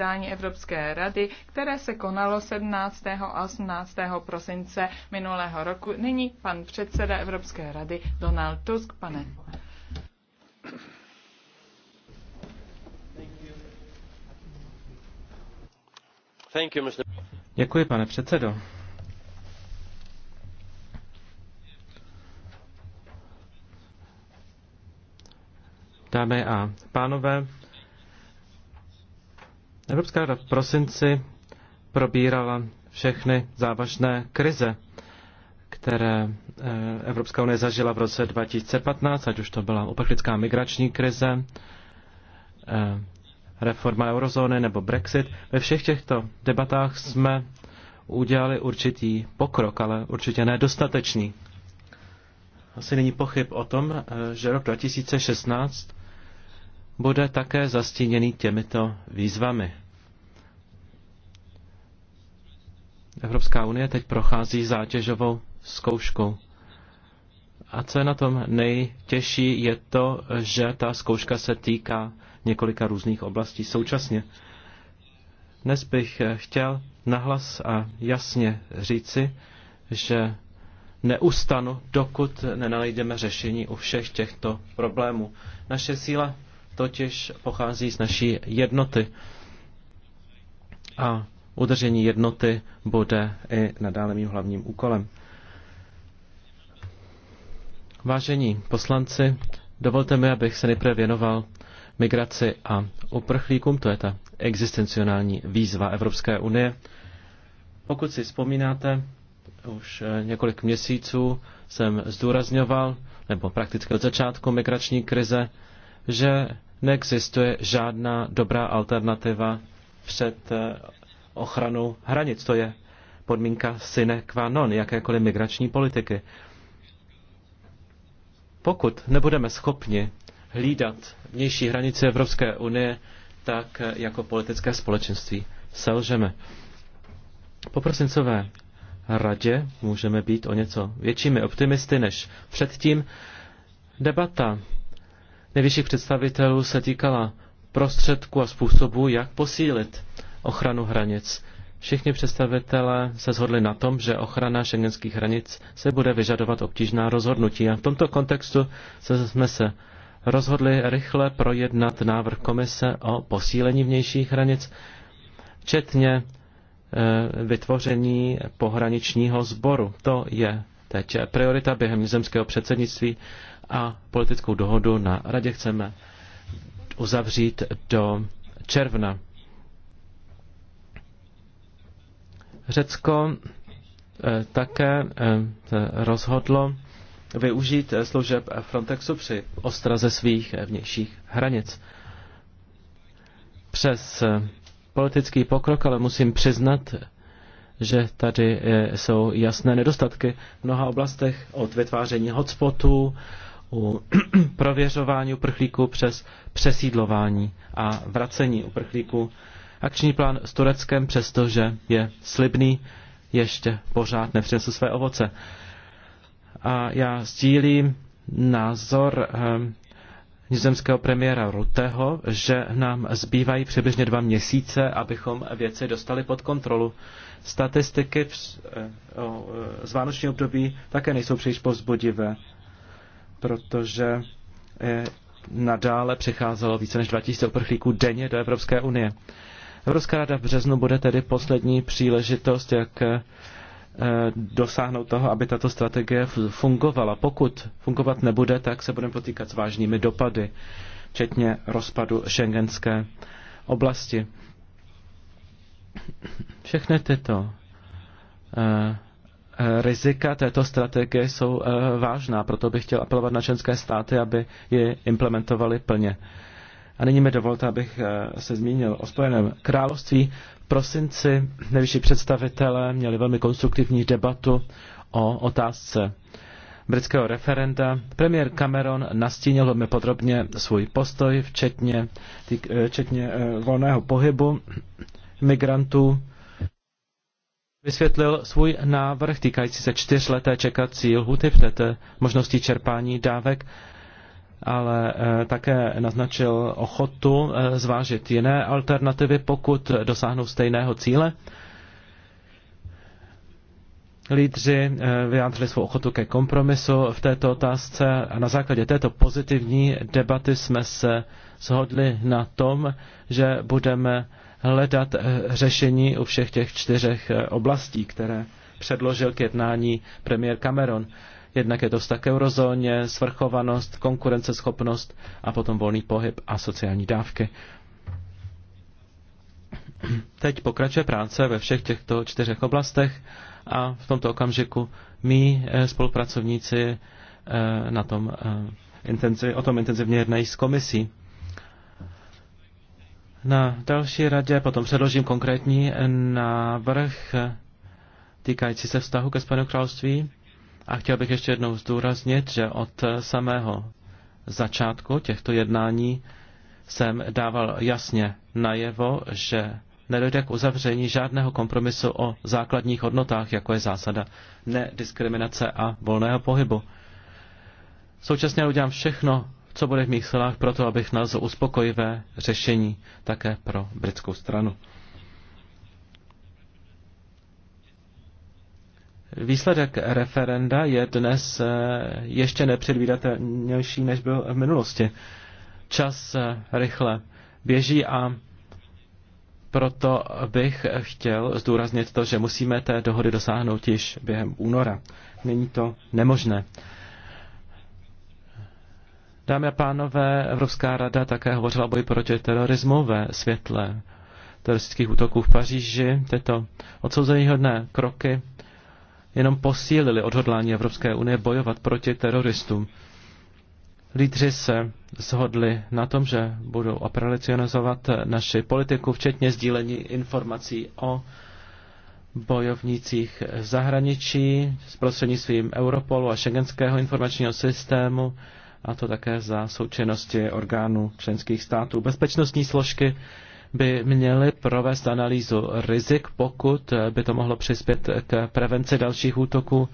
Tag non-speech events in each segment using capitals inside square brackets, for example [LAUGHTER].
zasedání Evropské rady, které se konalo 17. a 18. prosince minulého roku. Nyní pan předseda Evropské rady Donald Tusk. Pane Děkuji, pane předsedo. Dámy a pánové, Evropská rada v prosinci probírala všechny závažné krize, které eh, Evropská unie zažila v roce 2015, ať už to byla uprchlická migrační krize, eh, reforma eurozóny nebo Brexit. Ve všech těchto debatách jsme udělali určitý pokrok, ale určitě nedostatečný. Asi není pochyb o tom, eh, že rok 2016 bude také zastíněný těmito výzvami. Evropská unie teď prochází zátěžovou zkouškou. A co je na tom nejtěžší, je to, že ta zkouška se týká několika různých oblastí současně. Dnes bych chtěl nahlas a jasně říci, že neustanu, dokud nenalejdeme řešení u všech těchto problémů. Naše síla totiž pochází z naší jednoty. A udržení jednoty bude i nadále mým hlavním úkolem. Vážení poslanci, dovolte mi, abych se nejprve věnoval migraci a uprchlíkům, to je ta existencionální výzva Evropské unie. Pokud si vzpomínáte, už eh, několik měsíců jsem zdůrazňoval, nebo prakticky od začátku migrační krize, že neexistuje žádná dobrá alternativa před eh, ochranou hranic. To je podmínka sine qua non jakékoliv migrační politiky. Pokud nebudeme schopni hlídat vnější hranice Evropské unie, tak eh, jako politické společenství selžeme. Po prosincové radě můžeme být o něco většími optimisty než předtím. Debata nejvyšších představitelů se týkala prostředku a způsobu, jak posílit ochranu hranic. Všichni představitelé se shodli na tom, že ochrana šengenských hranic se bude vyžadovat obtížná rozhodnutí. A v tomto kontextu se, jsme se rozhodli rychle projednat návrh komise o posílení vnějších hranic, včetně e, vytvoření pohraničního sboru. To je teď priorita během zemského předsednictví a politickou dohodu na radě chceme uzavřít do června. Řecko eh, také eh, rozhodlo využít eh, služeb Frontexu při ostraze svých vnějších hranic. Přes politický pokrok, ale musím přiznat, že tady jsou jasné nedostatky v mnoha oblastech od vytváření hotspotů, u [CLEARS THROAT] prověřování uprchlíků přes přesídlování a vracení uprchlíků. Akční plán s Tureckem, přestože je slibný, ještě pořád nepřinesl své ovoce. A já sdílím názor ehm, nizozemského premiéra Ruteho, že nám zbývají přibližně dva měsíce, abychom věci dostali pod kontrolu. Statistiky eh, eh, z vánoční období také nejsou příliš povzbudivé protože eh, nadále přicházelo více než 2000 uprchlíků denně do Evropské unie. Evropská rada v březnu bude tedy poslední příležitost, jak eh, dosáhnout toho, aby tato strategie fungovala. Pokud fungovat nebude, tak se budeme potýkat s vážnými dopady, včetně rozpadu šengenské oblasti. Všechny tyto eh, Eh, rizika této strategie jsou eh, vážná, proto bych chtěl apelovat na členské státy, aby ji implementovali plně. A nyní mi dovolte, abych eh, se zmínil o Spojeném království. V prosinci nejvyšší představitelé měli velmi konstruktivní debatu o otázce britského referenda. Premiér Cameron nastínil velmi podrobně svůj postoj, včetně, včetně volného pohybu migrantů vysvětlil svůj návrh týkající se čtyřleté čekací lhuty před eh, možností čerpání dávek, ale eh, také naznačil ochotu eh, zvážit jiné alternativy, pokud dosáhnou stejného cíle. Lídři vyjádřili svou ochotu ke kompromisu v této otázce a na základě této pozitivní debaty jsme se shodli na tom, že budeme hledat eh, řešení u všech těch čtyřech eh, oblastí, které předložil k jednání premiér Cameron. Jednak je to vztah k eurozóně, svrchovanost, konkurenceschopnost a potom volný pohyb a sociální dávky. Teď pokračuje práce ve všech těchto čtyřech oblastech a v tomto okamžiku my eh, spolupracovníci na tom o tom intenzivně jednají s komisí. Na další radě potom předložím konkrétní návrh týkající se vztahu ke Spojenému království. A chtěl bych ještě jednou zdůraznit, že od samého začátku těchto jednání jsem dával jasně najevo, že nedojde k uzavření žádného kompromisu o základních hodnotách, jako je zásada nediskriminace a volného pohybu. Současně udělám všechno co bude v mých silách pro to, abych nalezl uspokojivé řešení také pro britskou stranu. Výsledek referenda je dnes eh, ještě nepředvídatelnější, než byl v minulosti. Čas eh, rychle běží a proto bych chtěl zdůraznit to, že musíme té dohody dosáhnout již během února. Není to nemožné. Dámy a pánové, Evropská rada také hovořila o boji proti terorismu ve světle teroristických útoků v Paříži. Tyto odsouzeníhodné kroky jenom posílili odhodlání Evropské unie bojovat proti teroristům. Lídři se shodli na tom, že budou operacionalizovat naši politiku, včetně sdílení informací o bojovnících v zahraničí s svým Europolu a Schengenského informačního systému a to také za součinnosti orgánů členských států. Bezpečnostní složky by měly provést analýzu rizik, pokud by to mohlo přispět k prevenci dalších útoků.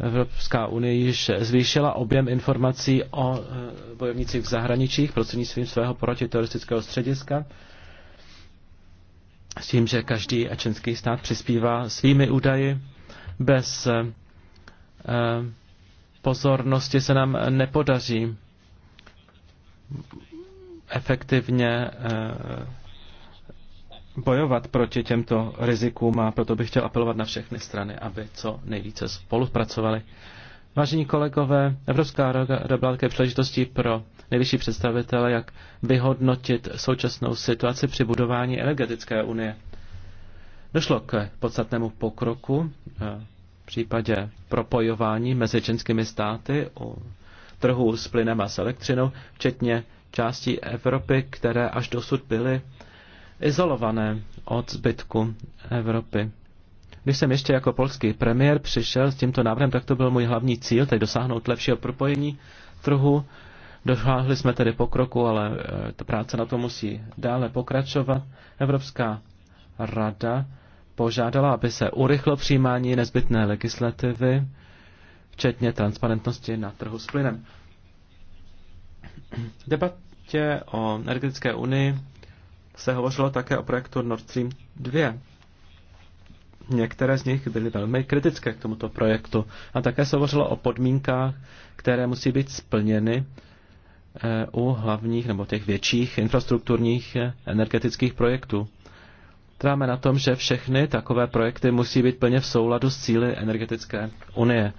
Evropská unie již zvýšila objem informací o e, bojovnicích v zahraničích prostřednictvím svého protiteroristického střediska s tím, že každý členský stát přispívá svými údaji bez e, pozornosti se nám nepodaří efektivně eh, bojovat proti těmto rizikům a proto bych chtěl apelovat na všechny strany, aby co nejvíce spolupracovali. Vážení kolegové, Evropská rada byla také příležitostí pro nejvyšší představitele, jak vyhodnotit současnou situaci při budování energetické unie. Došlo k podstatnému pokroku eh, případě propojování mezi čínskými státy o trhu s plynem a s elektřinou, včetně částí Evropy, které až dosud byly izolované od zbytku Evropy. Když jsem ještě jako polský premiér přišel s tímto návrhem, tak to byl můj hlavní cíl, tedy dosáhnout lepšího propojení trhu. Dosáhli jsme tedy pokroku, ale e, ta práce na to musí dále pokračovat. Evropská rada požádala, aby se urychlo přijímání nezbytné legislativy, včetně transparentnosti na trhu s plynem. V debatě o energetické unii se hovořilo také o projektu Nord Stream 2. Některé z nich byly velmi kritické k tomuto projektu a také se hovořilo o podmínkách, které musí být splněny eh, u hlavních nebo těch větších infrastrukturních eh, energetických projektů. Tráme na tom, že všechny takové projekty musí být plně v souladu s cíly energetické unie.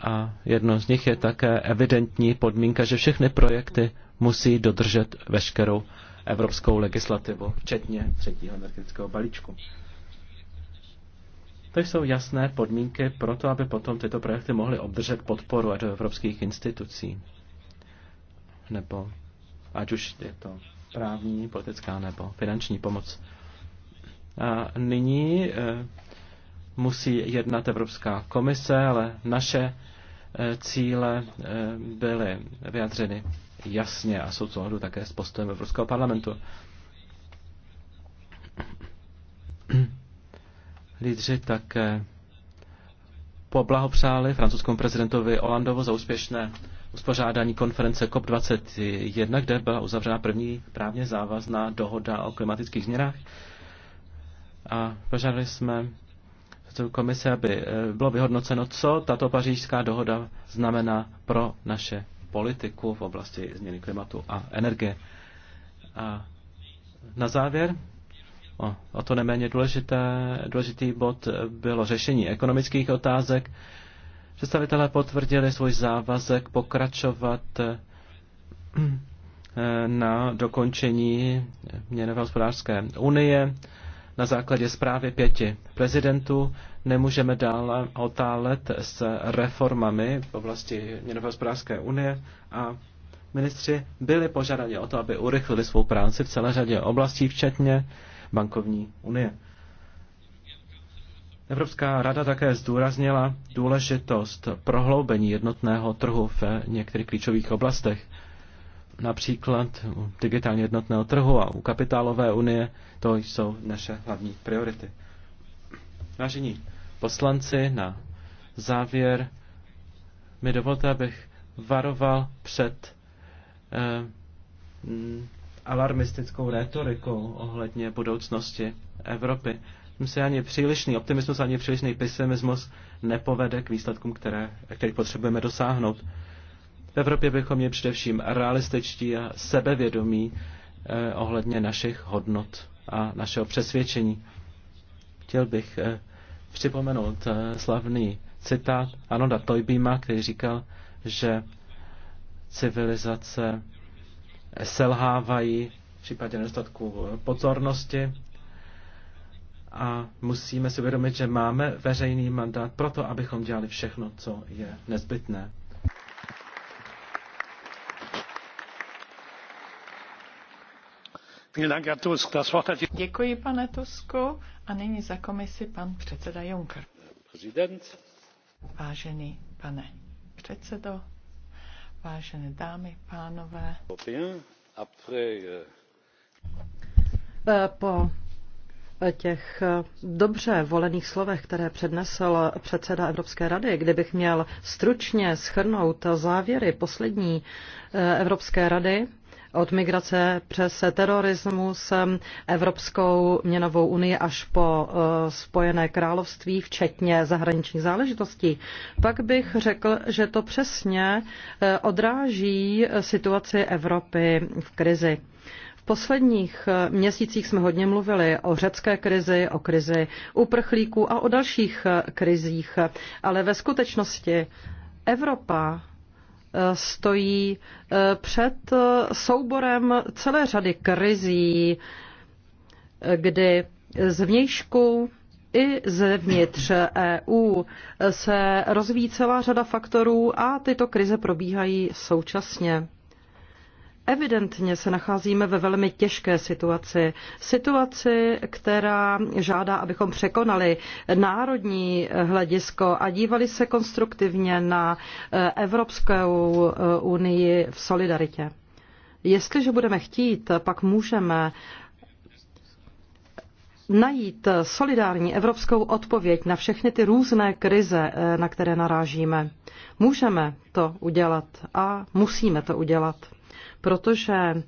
A jedno z nich je také evidentní podmínka, že všechny projekty musí dodržet veškerou evropskou legislativu, včetně třetího energetického balíčku. To jsou jasné podmínky pro to, aby potom tyto projekty mohly obdržet podporu a do evropských institucí. Nebo ať už je to právní, politická nebo finanční pomoc. A nyní eh, musí jednat Evropská komise, ale naše eh, cíle eh, byly vyjadřeny jasně a jsou souhladu také s postojem Evropského parlamentu. Lídři také poblahopřáli francouzskému prezidentovi Olandovu za úspěšné uspořádání konference COP21, kde byla uzavřena první právně závazná dohoda o klimatických změnách. A požádali jsme komise, aby eh, bylo vyhodnoceno, co tato pařížská dohoda znamená pro naše politiku v oblasti změny klimatu a energie. A na závěr, o, o to neméně důležité, důležitý bod bylo řešení ekonomických otázek. Představitelé potvrdili svůj závazek pokračovat eh, na dokončení měnové hospodářské unie na základě zprávy pěti prezidentů. Nemůžeme dále otálet s reformami v oblasti měnové hospodářské unie a ministři byli požádáni o to, aby urychlili svou práci v celé řadě oblastí, včetně bankovní unie. Evropská rada také zdůraznila důležitost prohloubení jednotného trhu v některých klíčových oblastech. Například u digitálně jednotného trhu a u kapitálové unie, to jsou naše hlavní priority. Vážení poslanci, na závěr mi dovolte, abych varoval před eh, alarmistickou retorikou ohledně budoucnosti Evropy se ani přílišný optimismus, ani přílišný pesimismus nepovede k výsledkům, které, které potřebujeme dosáhnout. V Evropě bychom měli především realističtí a sebevědomí eh, ohledně našich hodnot a našeho přesvědčení. Chtěl bych eh, připomenout eh, slavný citát Anoda Toybima, který říkal, že civilizace selhávají v případě nedostatku pozornosti a musíme si uvědomit, že máme veřejný mandát pro to, abychom dělali všechno, co je nezbytné. Děkuji, pane Tusku. A nyní za komisi pan předseda Juncker. Prezident. Vážený pane předsedo, vážené dámy, pánové. Eh, eh, po těch eh, dobře volených slovech, které přednesl předseda Evropské rady, kdybych měl stručně schrnout závěry poslední eh, Evropské rady, od migrace přes terorismus, eh, Evropskou měnovou unii až po Spojené království, včetně zahraničních záležitostí, pak bych řekl, že to přesně odráží situaci Evropy v krizi posledních eh, měsících jsme hodně mluvili o řecké krizi, o krizi uprchlíků a o dalších eh, krizích, ale ve skutečnosti Evropa eh, stojí před souborem celé řady krizí, kdy z vnějšku i zevnitř EU se rozvíjí celá řada faktorů a tyto krize probíhají současně. Evidentně se nacházíme ve velmi těžké situaci. Situaci, která žádá, abychom překonali národní hledisko a dívali se konstruktivně na eh, Evropskou eh, unii v solidaritě. Jestliže budeme chtít, pak můžeme najít solidární evropskou odpověď na všechny ty různé krize, eh, na které narážíme. Můžeme to udělat a musíme to udělat protože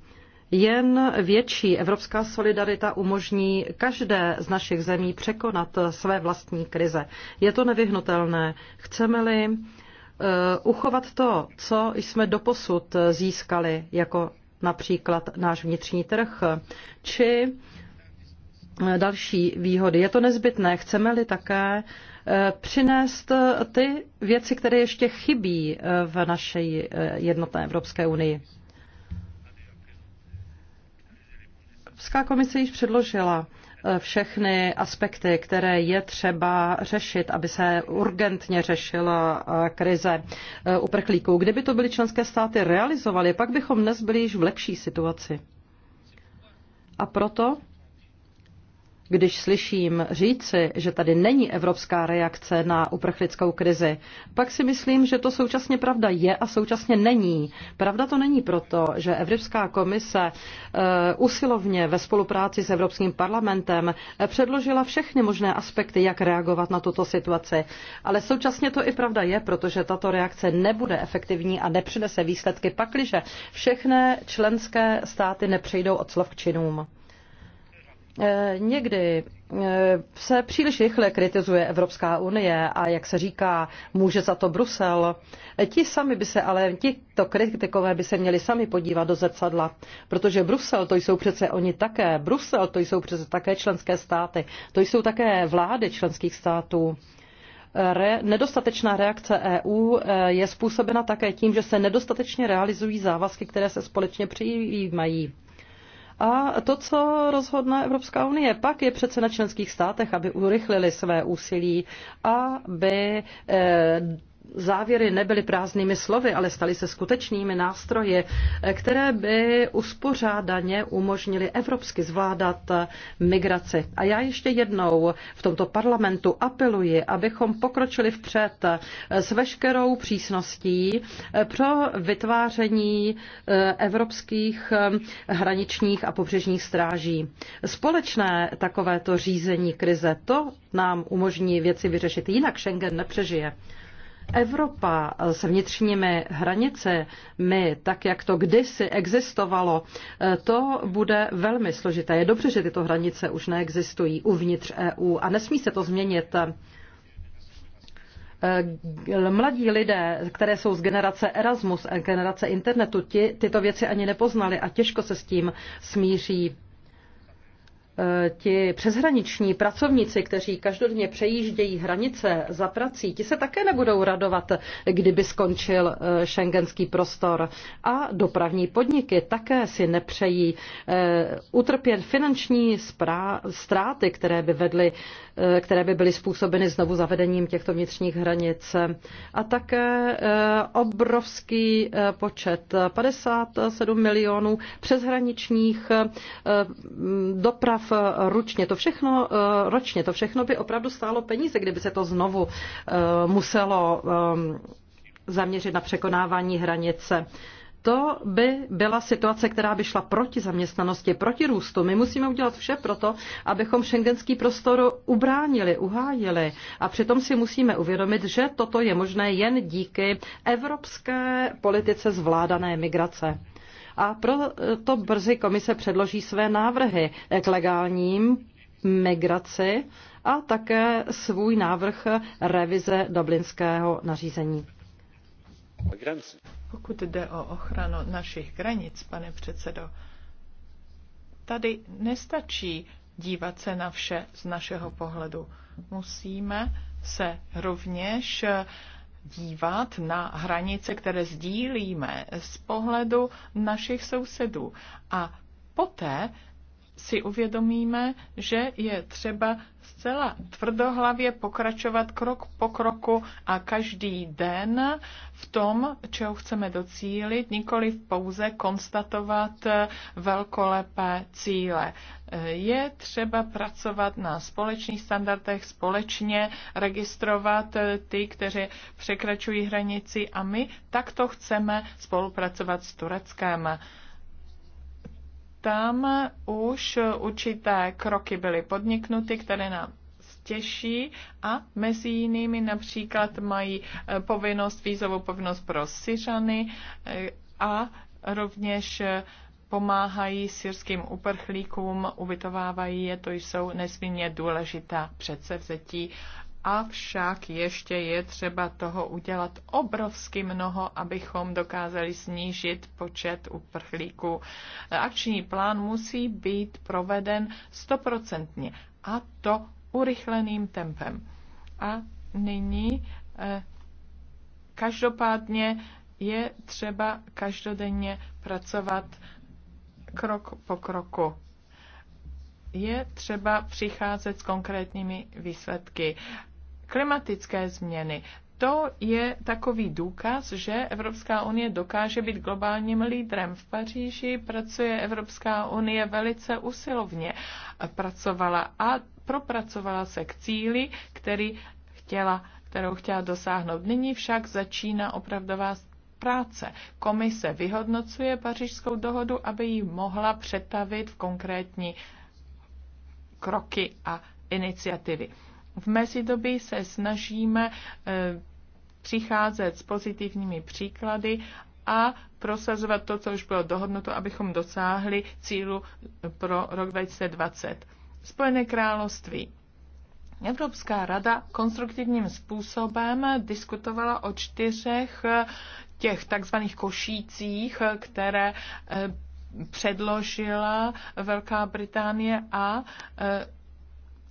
jen větší evropská solidarita umožní každé z našich zemí překonat své vlastní krize. Je to nevyhnutelné. Chceme-li eh, uchovat to, co jsme doposud získali, jako například náš vnitřní trh, či eh, další výhody. Je to nezbytné. Chceme-li také eh, přinést ty věci, které ještě chybí v naší jednotné Evropské unii. Evropská komise již předložila e, všechny aspekty, které je třeba řešit, aby se urgentně řešila e, krize e, uprchlíků. Kdyby to byly členské státy realizovaly, pak bychom dnes byli již v lepší situaci. A proto když slyším říci, že tady není evropská reakce na uprchlickou krizi, pak si myslím, že to současně pravda je a současně není. Pravda to není proto, že Evropská komise eh, usilovně ve spolupráci s Evropským parlamentem předložila všechny možné aspekty, jak reagovat na tuto situaci. Ale současně to i pravda je, protože tato reakce nebude efektivní a nepřinese výsledky pakliže všechny členské státy nepřejdou od slov k činům. Eh, někdy eh, se příliš rychle kritizuje Evropská unie a jak se říká, může za to Brusel. Eh, ti sami by se, ale tito kritikové by se měli sami podívat do zrcadla, protože Brusel to jsou přece oni také. Brusel to jsou přece také členské státy. To jsou také vlády členských států. Re, nedostatečná reakce EU je způsobena také tím, že se nedostatečně realizují závazky, které se společně přijímají. A to, co rozhodne Evropská unie, pak je přece na členských státech, aby urychlili své úsilí, aby eh, závěry nebyly prázdnými slovy, ale staly se skutečnými nástroji, které by uspořádaně umožnili evropsky zvládat migraci. A já ještě jednou v tomto parlamentu apeluji, abychom pokročili vpřed s veškerou přísností pro vytváření eh, evropských eh, hraničních a pobřežních stráží. Společné takovéto řízení krize, to nám umožní věci vyřešit, jinak Schengen nepřežije. Evropa s vnitřními hranicemi, tak jak to kdysi existovalo, eh, to bude velmi složité. Je dobře, že tyto hranice už neexistují uvnitř EU a nesmí se to změnit eh, mladí lidé, které jsou z generace Erasmus a generace internetu, ti tyto věci ani nepoznali a těžko se s tím smíří. Eh, ti přeshraniční pracovníci, kteří každodenně přejíždějí hranice za prací, ti se také nebudou radovat, kdyby skončil šengenský eh, prostor. A dopravní podniky také si nepřejí eh, utrpět finanční ztráty, které by vedly Eh, které by byly způsobeny znovu zavedením těchto vnitřních hranic. A také eh, obrovský eh, počet 57 milionů přeshraničních mm, doprav ručně. To všechno ročně, to všechno by opravdu stálo peníze, kdyby se to znovu muselo ehm, zaměřit na překonávání hranice. To by byla situace, která by šla proti zaměstnanosti, proti růstu. My musíme udělat vše proto, abychom šengenský prostor ubránili, uhájili. A přitom si musíme uvědomit, že toto je možné jen díky evropské politice zvládané migrace a proto brzy komise předloží své návrhy k legálním migraci a také svůj návrh revize dublinského nařízení. Pokud jde o ochranu našich hranic, pane předsedo, tady nestačí dívat se na vše z našeho pohledu. Musíme se rovněž dívat na hranice, které sdílíme z pohledu našich sousedů. A poté si uvědomíme, že je třeba zcela tvrdohlavě pokračovat krok po kroku a každý den v tom, čeho chceme docílit, nikoli pouze konstatovat velkolepé cíle. Je třeba pracovat na společných standardech, společně registrovat ty, kteří překračují hranici a my takto chceme spolupracovat s Tureckem tam už určité kroky byly podniknuty, které nám stěší a mezi jinými například mají eh, povinnost, vízovou povinnost pro Syřany eh, a rovněž eh, pomáhají syrským uprchlíkům, ubytovávají je, to jsou nesmírně důležitá předsevzetí Avšak ještě je třeba toho udělat obrovsky mnoho, abychom dokázali snížit počet uprchlíků. Akční plán musí být proveden stoprocentně a to urychleným tempem. A nyní eh, každopádně je třeba každodenně pracovat krok po kroku je třeba přicházet s konkrétními výsledky klimatické změny. To je takový důkaz, že Evropská unie dokáže být globálním lídrem. V Paříži pracuje Evropská unie velice usilovně. Pracovala a propracovala se k cíli, který chtěla, kterou chtěla dosáhnout. Nyní však začíná opravdová práce. Komise vyhodnocuje pařížskou dohodu, aby ji mohla přetavit v konkrétní kroky a iniciativy. V mezidobí se snažíme eh, přicházet s pozitivními příklady a prosazovat to, co už bylo dohodnuto, abychom dosáhli cílu pro rok 2020. Spojené království. Evropská rada konstruktivním způsobem diskutovala o čtyřech eh, těch takzvaných košících, které eh, předložila Velká Británie a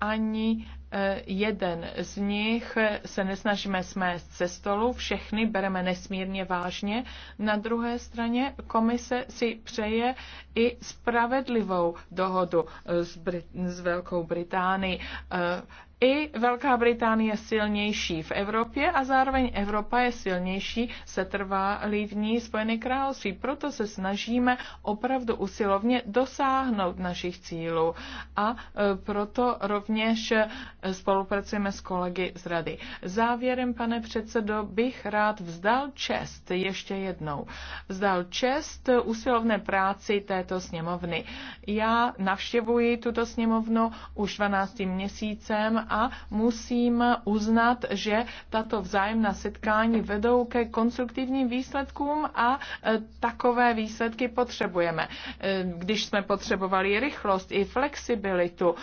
ani e, jeden z nich se nesnažíme smést ze stolu, všechny bereme nesmírně vážně. Na druhé straně komise si přeje i spravedlivou dohodu s, Brit- s Velkou Británií. E, i Velká Británie je silnější v Evropě a zároveň Evropa je silnější, se trvá v Spojené království. Proto se snažíme opravdu usilovně dosáhnout našich cílů a e, proto rovněž e, spolupracujeme s kolegy z Rady. Závěrem, pane předsedo, bych rád vzdal čest ještě jednou. Vzdal čest usilovné práci této sněmovny. Já navštěvuji tuto sněmovnu už 12. měsícem a musím uznat, že tato vzájemná setkání vedou ke konstruktivním výsledkům a e, takové výsledky potřebujeme. E, když jsme potřebovali rychlost i flexibilitu,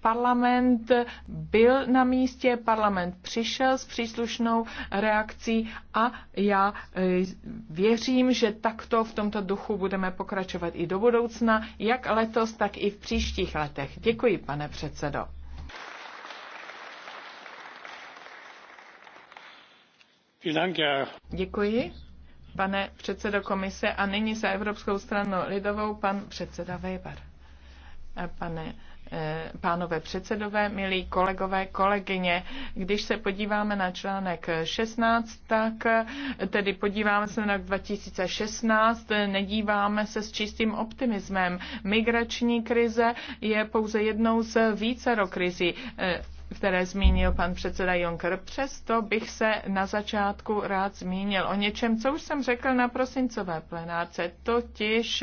parlament byl na místě, parlament přišel s příslušnou reakcí a já e, věřím, že takto v tomto duchu budeme pokračovat i do budoucna, jak letos, tak i v příštích letech. Děkuji, pane předsedo. Děkuji, pane předsedo komise. A nyní za Evropskou stranu lidovou pan předseda Weber. Eh, pane eh, pánové předsedové, milí kolegové, kolegyně. Když se podíváme na článek 16, tak eh, tedy podíváme se na 2016, nedíváme se s čistým optimismem. Migrační krize je pouze jednou z vícero krizí které zmínil pan předseda Juncker. Přesto bych se na začátku rád zmínil o něčem, co už jsem řekl na prosincové plenáce, totiž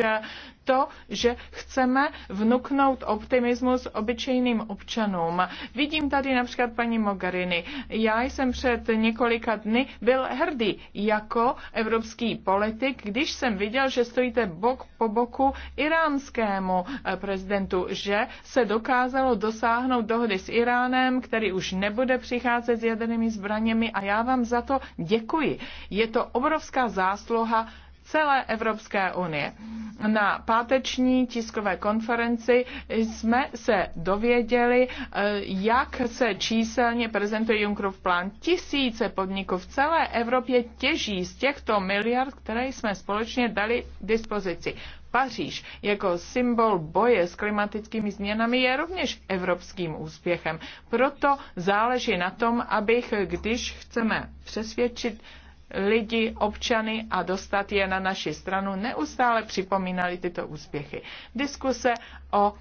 to, že chceme vnuknout optimismus obyčejným občanům. Vidím tady například paní Mogariny. Já jsem před několika dny byl hrdý jako evropský politik, když jsem viděl, že stojíte bok po boku iránskému eh, prezidentu, že se dokázalo dosáhnout dohody s Iránem, který už nebude přicházet s jadernými zbraněmi a já vám za to děkuji. Je to obrovská zásluha celé Evropské unie. Na páteční tiskové konferenci jsme se dověděli, eh, jak se číselně prezentuje Junckerův plán. Tisíce podniků v celé Evropě těží z těchto miliard, které jsme společně dali dispozici. Paříž jako symbol boje s klimatickými změnami je rovněž evropským úspěchem. Proto záleží na tom, abych, když chceme přesvědčit lidi, občany a dostat je na naši stranu, neustále připomínali tyto úspěchy. Diskuse o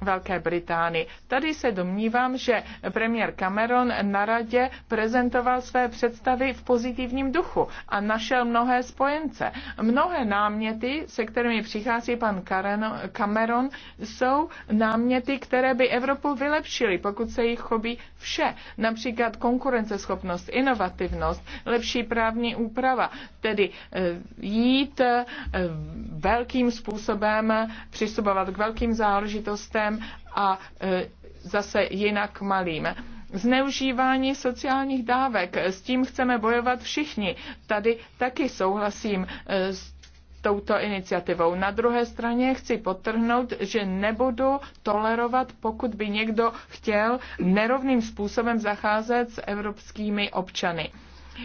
Velké Británii. Tady se domnívám, že premiér Cameron na radě prezentoval své představy v pozitivním duchu a našel mnohé spojence. Mnohé náměty, se kterými přichází pan Cameron, jsou náměty, které by Evropu vylepšily, pokud se jich chobí vše. Například konkurenceschopnost, inovativnost, lepší právní úprava, tedy eh, jít eh, velkým způsobem, přistupovat k velkým záležitostem, sektorem a e, zase jinak malým zneužívání sociálních dávek. E, s tím chceme bojovat všichni. Tady taky souhlasím e, s touto iniciativou. Na druhé straně chci potrhnout, že nebudu tolerovat, pokud by někdo chtěl nerovným způsobem zacházet s evropskými občany.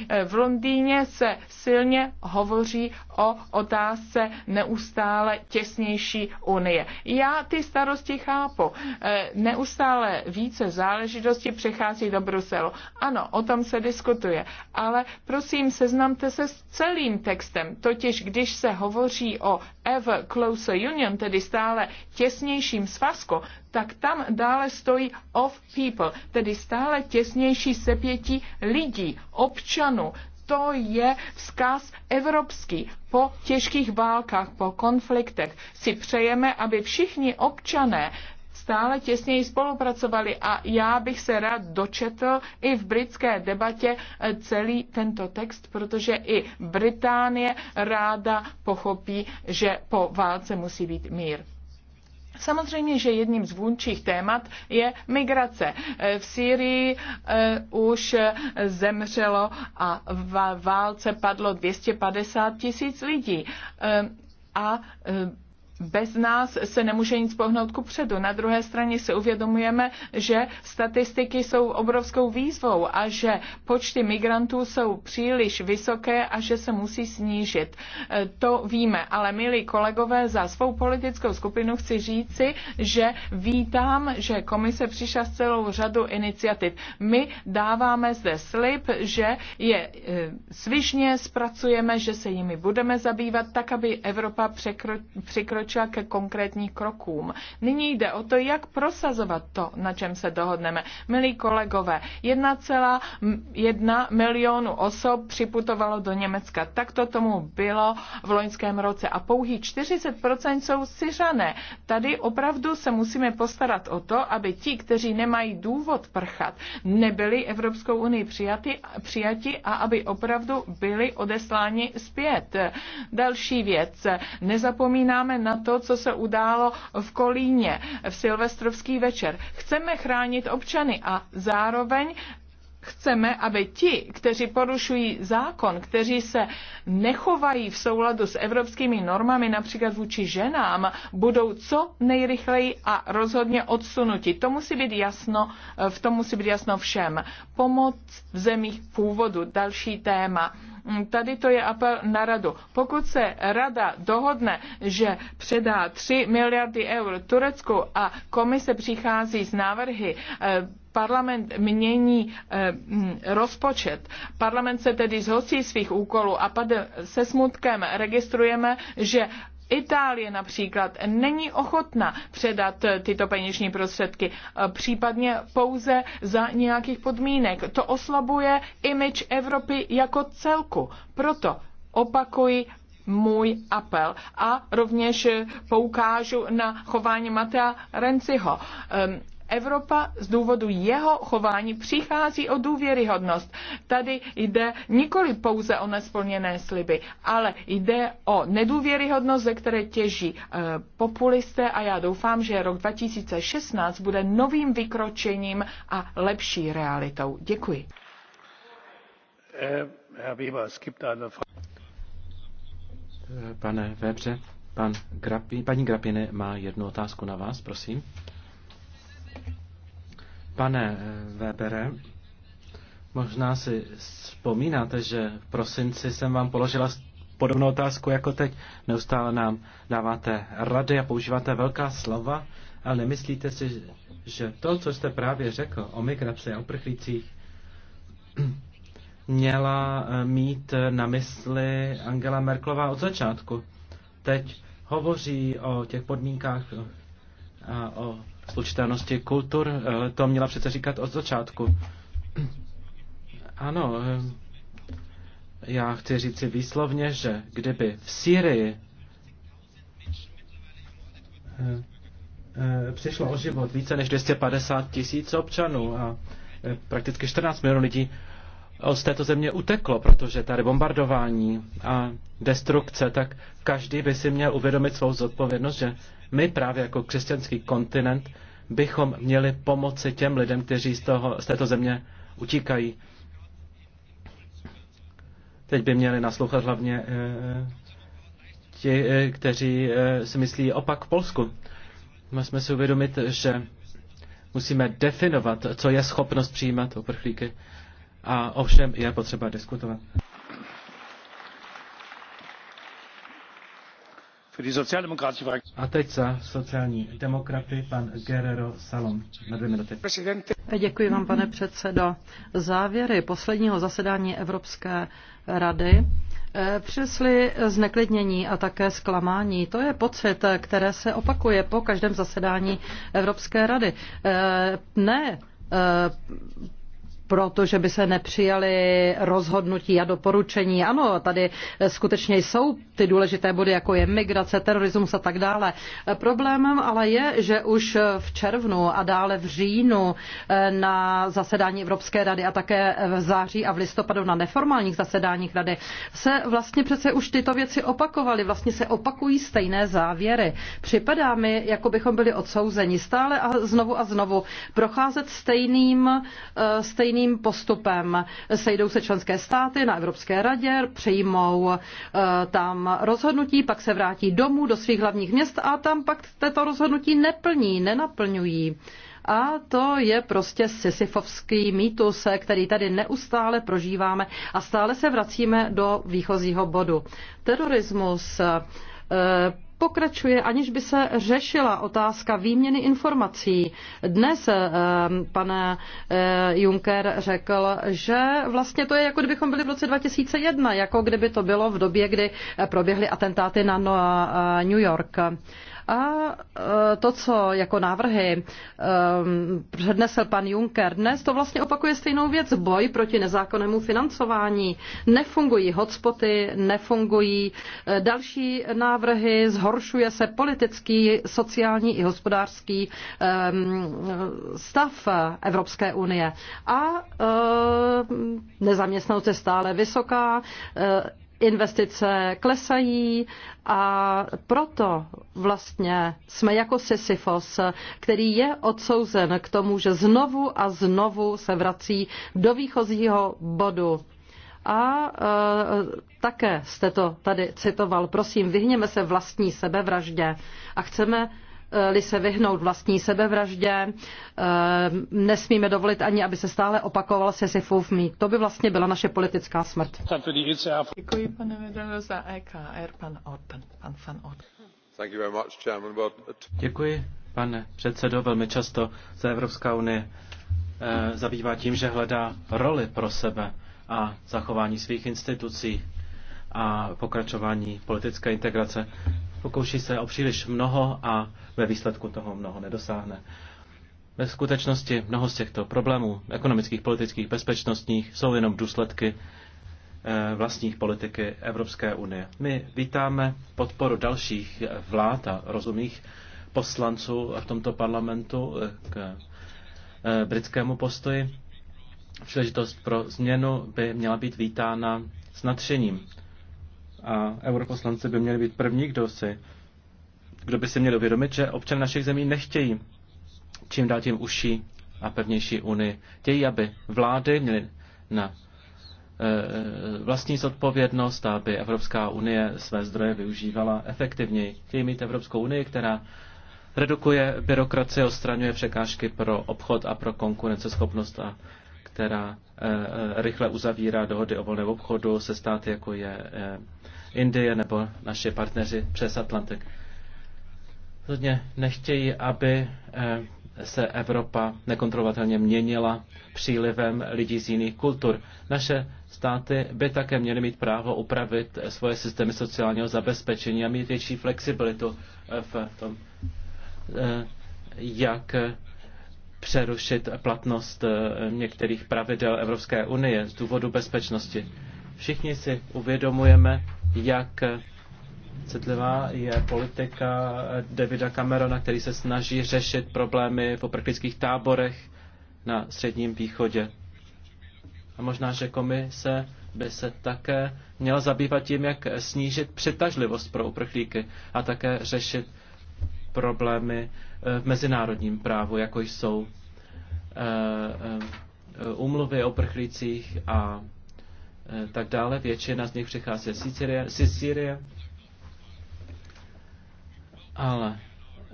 Eh, v Londýně se silně hovoří o otázce neustále těsnější unie. Já ty starosti chápu. Eh, neustále více záležitostí přechází do Bruselu. Ano, o tom se diskutuje, ale prosím, seznamte se s celým textem. Totiž, když se hovoří o ever closer union, tedy stále těsnějším svazku, tak tam dále stojí of people, tedy stále těsnější sepětí lidí, občanů, občanů. To je vzkaz evropský. Po těžkých válkách, po konfliktech si přejeme, aby všichni občané stále těsněji spolupracovali a já bych se rád dočetl i v britské debatě eh, celý tento text, protože i Británie ráda pochopí, že po válce musí být mír. Samozřejmě, že jedním z vůnčích témat je migrace. Eh, v Sýrii eh, už zemřelo a v válce padlo 250 tisíc lidí. Eh, a bez nás se nemůže nic pohnout ku předu. Na druhé straně si uvědomujeme, že statistiky jsou obrovskou výzvou a že počty migrantů jsou příliš vysoké a že se musí snížit. E, to víme, ale milí kolegové, za svou politickou skupinu chci říci, že vítám, že komise přišla s celou řadu iniciativ. My dáváme zde slib, že je e, svižně zpracujeme, že se jimi budeme zabývat tak, aby Evropa překročila doporučila ke konkrétním krokům. Nyní jde o to, jak prosazovat to, na čem se dohodneme. Milí kolegové, 1,1 milionu osob připutovalo do Německa. Tak to tomu bylo v loňském roce a pouhý 40% jsou syřané. Tady opravdu se musíme postarat o to, aby ti, kteří nemají důvod prchat, nebyli Evropskou unii přijati, přijati a aby opravdu byli odesláni zpět. Další věc. Nezapomínáme na to, co se událo v Kolíně v silvestrovský večer. Chceme chránit občany a zároveň chceme, aby ti, kteří porušují zákon, kteří se nechovají v souladu s evropskými normami, například vůči ženám, budou co nejrychleji a rozhodně odsunuti. To musí být jasno, v tom musí být jasno všem. Pomoc v zemích původu, další téma Mm, tady to je apel na radu. Pokud se rada dohodne, že předá 3 miliardy eur Turecku a komise přichází s návrhy, eh, parlament mění eh, mm, rozpočet. Parlament se tedy zhostí svých úkolů a se smutkem registrujeme, že Itálie například není ochotna předat tyto peněžní prostředky, případně pouze za nějakých podmínek. To oslabuje image Evropy jako celku. Proto opakuji můj apel a rovněž poukážu na chování Matea Renciho ehm, Evropa z důvodu jeho chování přichází o důvěryhodnost. Tady jde nikoli pouze o nesplněné sliby, ale jde o nedůvěryhodnost, ze které těží eh, populisté a já doufám, že rok 2016 bude novým vykročením a lepší realitou. Děkuji. Eh, Pane Webře, pan Grapi, paní Grapine má jednu otázku na vás, prosím. Pane eh, Webere, možná si vzpomínáte, že v prosinci jsem vám položila podobnou otázku jako teď. Neustále nám dáváte rady a používáte velká slova, ale nemyslíte si, že to, co jste právě řekl o migraci a uprchlících, [CLEARS THROAT] měla eh, mít na mysli Angela Merklová od začátku. Teď hovoří o těch podmínkách eh, a o slučitelnosti kultur, eh, to měla přece říkat od začátku. Ano, eh, já chci říct si výslovně, že kdyby v Sýrii eh, přišlo o život více než 250 tisíc občanů a prakticky 14 milionů lidí z této země uteklo, protože tady bombardování a destrukce, tak každý by si měl uvědomit svou zodpovědnost, že my právě jako křesťanský kontinent bychom měli pomoci těm lidem, kteří z, toho, z této země utíkají. Teď by měli naslouchat hlavně e, ti, e, kteří e, si myslí opak v Polsku. Musíme si uvědomit, že musíme definovat, co je schopnost přijímat uprchlíky. A ovšem je potřeba diskutovat. A teď za sociální demokraty pan Guerrero Salom na dvě minuty. Děkuji vám, pane předsedo. Závěry posledního zasedání Evropské rady eh, Přesly zneklidnění a také zklamání. To je pocit, eh, které se opakuje po každém zasedání Evropské rady. Eh, ne protože by se nepřijaly rozhodnutí a doporučení. Ano, tady skutečně jsou ty důležité body, jako je migrace, terorismus a tak dále. Problémem ale je, že už v červnu a dále v říjnu eh, na zasedání Evropské rady a také v září a v listopadu na neformálních zasedáních rady se vlastně přece už tyto věci opakovaly. Vlastně se opakují stejné závěry. Připadá mi, jako bychom byli odsouzeni stále a znovu a znovu procházet stejným, eh, stejným normálním postupem. Sejdou se členské státy na Evropské radě, přijmou eh, tam rozhodnutí, pak se vrátí domů do svých hlavních měst a tam pak tato rozhodnutí neplní, nenaplňují. A to je prostě sisyfovský mýtus, který tady neustále prožíváme a stále se vracíme do výchozího bodu. Terorismus eh, pokračuje, aniž by se řešila otázka výměny informací. Dnes eh, pane eh, Juncker řekl, že vlastně to je jako kdybychom byli v roce 2001, jako kdyby to bylo v době, kdy eh, proběhly atentáty na New York. A e, to, co jako návrhy e, přednesl pan Juncker dnes, to vlastně opakuje stejnou věc. Boj proti nezákonnému financování. Nefungují hotspoty, nefungují e, další návrhy, zhoršuje se politický, sociální i hospodářský stav Evropské unie. A nezaměstnanost je stále vysoká, investice klesají a proto vlastně jsme jako Sisyfos, který je odsouzen k tomu, že znovu a znovu se vrací do výchozího bodu. A e, také jste to tady citoval, prosím, vyhněme se vlastní sebevraždě a chceme li eh, se vyhnout vlastní sebevraždě, eh, nesmíme dovolit ani, aby se stále opakoval Sisyfův mít. To by vlastně byla naše politická smrt. Děkuji, pane Vedano, za EKR, pan Orpen, pan van Orpen. Děkuji, pane předsedo. Velmi často se Evropská unie eh, zabývá tím, že hledá roli pro sebe a zachování svých institucí a pokračování politické integrace pokouší se o příliš mnoho a ve výsledku toho mnoho nedosáhne. Ve skutečnosti mnoho z těchto problémů, ekonomických, politických, bezpečnostních, jsou jenom důsledky eh, vlastních politiky Evropské unie. My vítáme podporu dalších vlád a rozumných poslanců v tomto parlamentu eh, k eh, britskému postoji. Příležitost pro změnu by měla být vítána s nadšením a europoslanci by měli být první, kdo, si, kdo by si měl uvědomit, že občan našich zemí nechtějí čím dál tím uší a pevnější unii. Chtějí, aby vlády měly na eh, vlastní zodpovědnost, aby Evropská unie své zdroje využívala efektivněji. Chtějí mít Evropskou unii, která redukuje byrokracie, odstraňuje překážky pro obchod a pro konkurenceschopnost a která eh, eh, rychle uzavírá dohody o volném obchodu se státy, jako je Indie nebo naši partneři přes Atlantik. Hodně nechtějí, aby eh, se Evropa nekontrolovatelně měnila přílivem lidí z jiných kultur. Naše státy by také měly mít právo upravit svoje systémy sociálního zabezpečení a mít větší flexibilitu eh, v tom, eh, jak přerušit platnost některých pravidel Evropské unie z důvodu bezpečnosti. Všichni si uvědomujeme, jak citlivá je politika Davida Camerona, který se snaží řešit problémy v uprchlických táborech na Středním východě. A možná, že komise by se také měla zabývat tím, jak snížit přitažlivost pro uprchlíky a také řešit problémy eh, v mezinárodním právu, jako jsou eh, eh, úmluvy o uprchlících a Eh, tak dále. Většina z nich přichází ze Syrie. Ale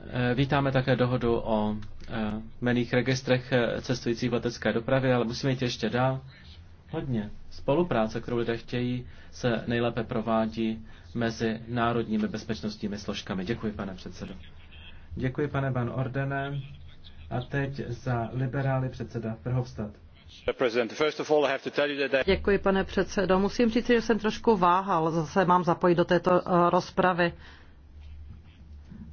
eh, vítáme také dohodu o eh, mených registrech cestujících v letecké dopravě, ale musíme jít ještě dál. Hodně. Spolupráce, kterou lidé chtějí, se nejlépe provádí mezi národními bezpečnostními složkami. Děkuji, pane předsedo. Děkuji, pane van Ordene. A teď za liberály předseda Verhofstadt. Děkuji, pane předsedající. Musím říct, že jsem trošku váhal, zase mám zapojit do této eh, rozpravy,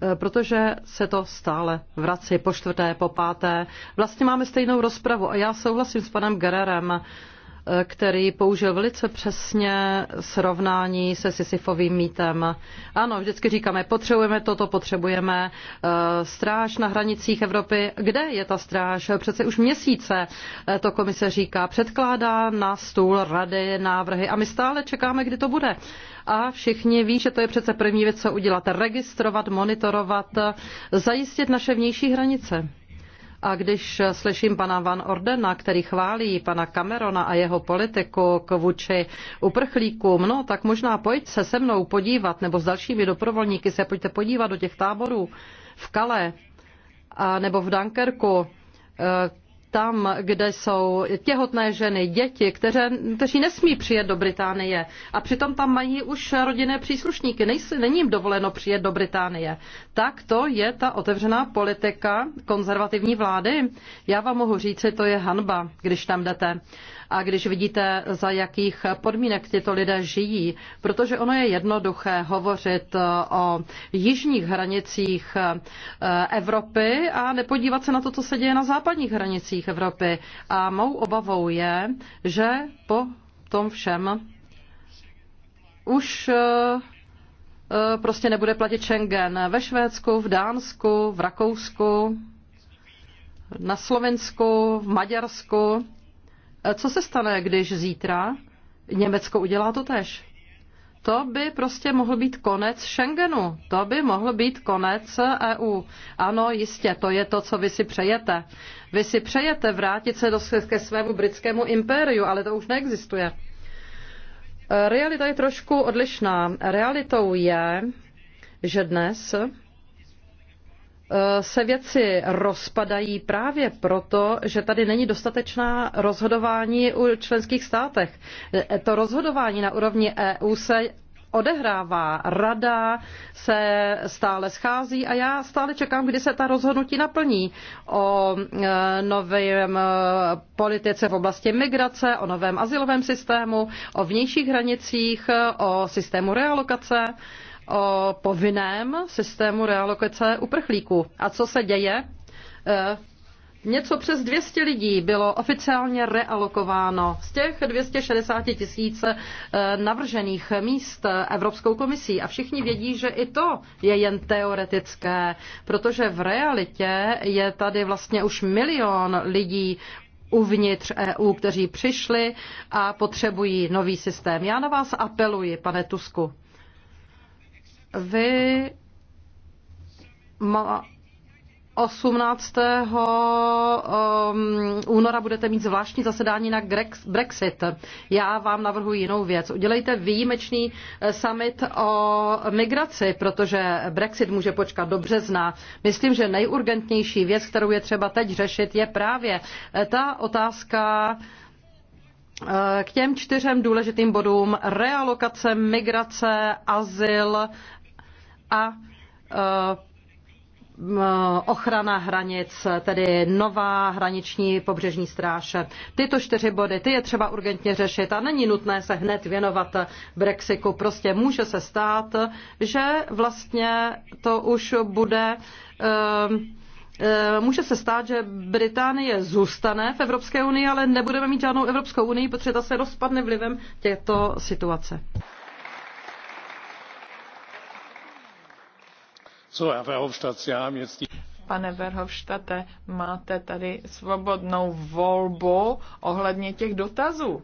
eh, protože se to stále vrací počtvrté popáté. Vlastně máme stejnou rozpravu a já souhlasím s panem že který použil velice přesně srovnání se Sisyfovým mítem. Ano, vždycky říkáme, potřebujeme toto, potřebujeme eh, stráž na hranicích Evropy. Kde je ta stráž? Přece už měsíce eh, to komise říká, předkládá na stůl rady, návrhy a my stále čekáme, kdy to bude a všichni ví, že to je přece první věc, co udělat. Registrovat, monitorovat, eh, zajistit naše vnější hranice. A když slyším pana Van Ordena, který chválí pana Camerona a jeho politiku k vůči uprchlíkům, no tak možná pojď se se mnou podívat, nebo s dalšími doprovolníky se pojďte podívat do těch táborů v Kale a nebo v Dunkerku, tam, kde jsou těhotné ženy, děti, kteří, kteří nesmí přijet do Británie a přitom tam mají už rodinné příslušníky, Nejsi, není jim dovoleno přijet do Británie. Tak to je ta otevřená politika konzervativní vlády. Já vám mohu říct, že to je hanba, když tam jdete a když vidíte, za jakých podmínek tyto lidé žijí, protože ono je jednoduché hovořit eh, o jižních hranicích eh, Evropy a nepodívat se na to, co se děje na západních hranicích Evropy. A mou obavou je, že po tom všem už eh, prostě nebude platit Schengen ve Švédsku, v Dánsku, v Rakousku, na Slovensku, v Maďarsku. Co se stane, když zítra Německo udělá to tež? To by prostě mohl být konec Schengenu. To by mohl být konec EU. Ano, jistě, to je to, co vy si přejete. Vy si přejete vrátit se do, ke svému britskému impériu, ale to už neexistuje. Realita je trošku odlišná. Realitou je, že dnes Eh, se věci rozpadají právě proto, že tady není dostatečná rozhodování u členských státech. Eh, to rozhodování na úrovni EU se odehrává. Rada se stále schází a já stále čekám, kdy se ta rozhodnutí naplní o eh, novém politice v oblasti migrace, o novém asilovém systému, o vnějších hranicích, o systému realokace o povinném systému realokace uprchlíků. A co se děje? Eh, něco přes 200 lidí bylo oficiálně realokováno z těch 260 tisíc eh, navržených míst Evropskou komisí. A všichni vědí, že i to je jen teoretické, protože v realitě je tady vlastně už milion lidí uvnitř EU, kteří přišli a potřebují nový systém. Já na vás apeluji, pane Tusku vy 18. Um, února budete mít zvláštní zasedání na Brexit. Já vám navrhuji jinou věc. Udělejte výjimečný eh, summit o migraci, protože Brexit může počkat do března. Myslím, že nejurgentnější věc, kterou je třeba teď řešit, je právě eh, ta otázka eh, k těm čtyřem důležitým bodům realokace, migrace, azyl a eh, ochrana hranic, tedy nová hraniční pobřežní stráž. Tyto čtyři body, ty je třeba urgentně řešit a není nutné se hned věnovat Brexiku. Prostě může se stát, že vlastně to už bude eh, eh, Může se stát, že Británie zůstane v Evropské unii, ale nebudeme mít žádnou Evropskou unii, protože ta se rozpadne vlivem těchto situace. Pane Verhofstadte, máte tady svobodnou volbu ohledně těch dotazů,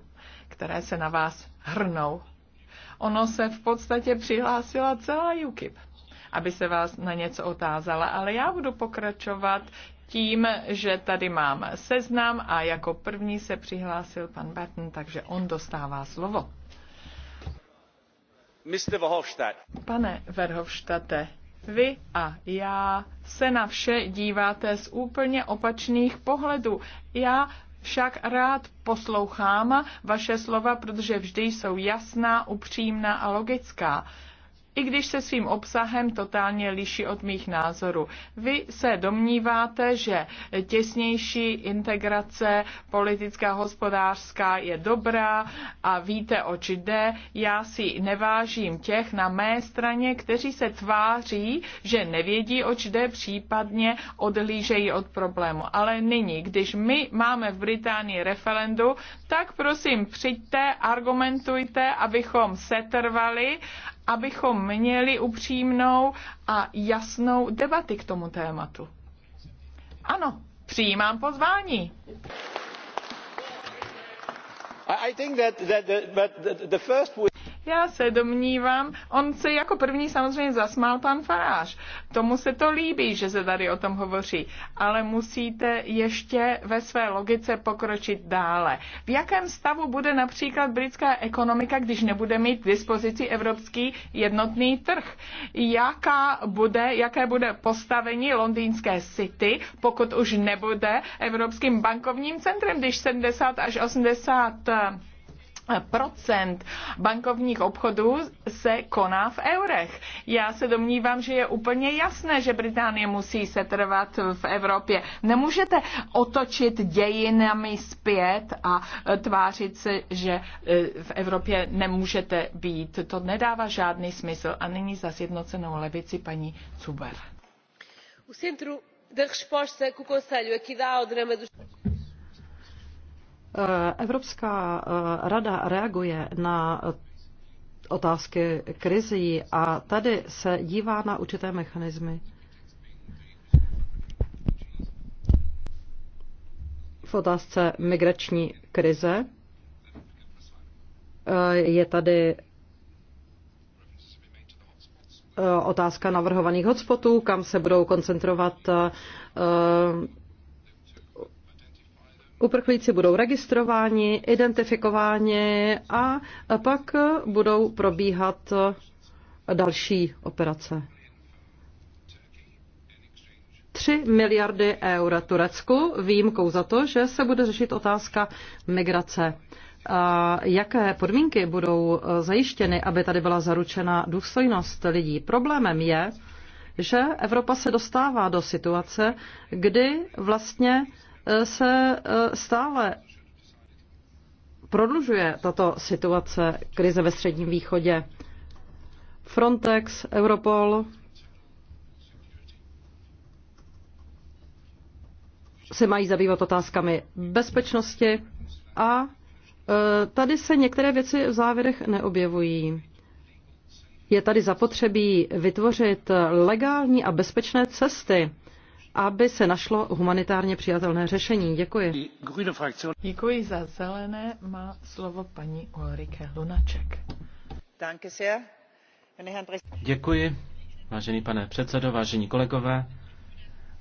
které se na vás hrnou. Ono se v podstatě přihlásila celá UKIP, aby se vás na něco otázala, ale já budu pokračovat tím, že tady mám seznam a jako první se přihlásil pan Batten, takže on dostává slovo. Pane Verhofstadte, vy a já se na vše díváte z úplně opačných pohledů. Já však rád poslouchám vaše slova, protože vždy jsou jasná, upřímná a logická i když se svým obsahem totálně liší od mých názorů. Vy se domníváte, že těsnější integrace politická, hospodářská je dobrá a víte, oč jde. Já si nevážím těch na mé straně, kteří se tváří, že nevědí, oč jde, případně odhlížejí od problému. Ale nyní, když my máme v Británii referendu, tak prosím přijďte, argumentujte, abychom setrvali abychom měli upřímnou a jasnou debaty k tomu tématu. Ano, přijímám pozvání. I think that, that but the first já se domnívám, on se jako první samozřejmě zasmál pan Faráš. Tomu se to líbí, že se tady o tom hovoří, ale musíte ještě ve své logice pokročit dále. V jakém stavu bude například britská ekonomika, když nebude mít k dispozici evropský jednotný trh? Jaká bude, jaké bude postavení londýnské city, pokud už nebude evropským bankovním centrem, když 70 až 80 procent bankovních obchodů se koná v eurech. Já se domnívám, že je úplně jasné, že Británie musí se trvat v Evropě. Nemůžete otočit dějinami zpět a tvářit se, že e, v Evropě nemůžete být. To nedává žádný smysl. A nyní za sjednocenou levici paní Cuber. U centru resposta que o Conselho aqui dá ao drama dos Eh, Evropská eh, rada reaguje na eh, otázky krizí a tady se dívá na určité mechanismy. V otázce migrační krize je tady otázka navrhovaných hotspotů, kam se budou koncentrovat Uprchlíci budou registrováni, identifikováni a pak budou probíhat další operace. 3 miliardy eur Turecku, výjimkou za to, že se bude řešit otázka migrace. A jaké podmínky budou zajištěny, aby tady byla zaručena důstojnost lidí? Problémem je, že Evropa se dostává do situace, kdy vlastně se eh, stále prodlužuje tato situace krize ve Středním východě. Frontex, Europol se mají zabývat otázkami bezpečnosti a eh, tady se některé věci v závěrech neobjevují. Je tady zapotřebí vytvořit legální a bezpečné cesty aby se našlo humanitárně přijatelné řešení. Děkuji. Děkuji za zelené. Má slovo paní Ulrike Lunaček. Děkuji, vážený pane předsedo, vážení kolegové,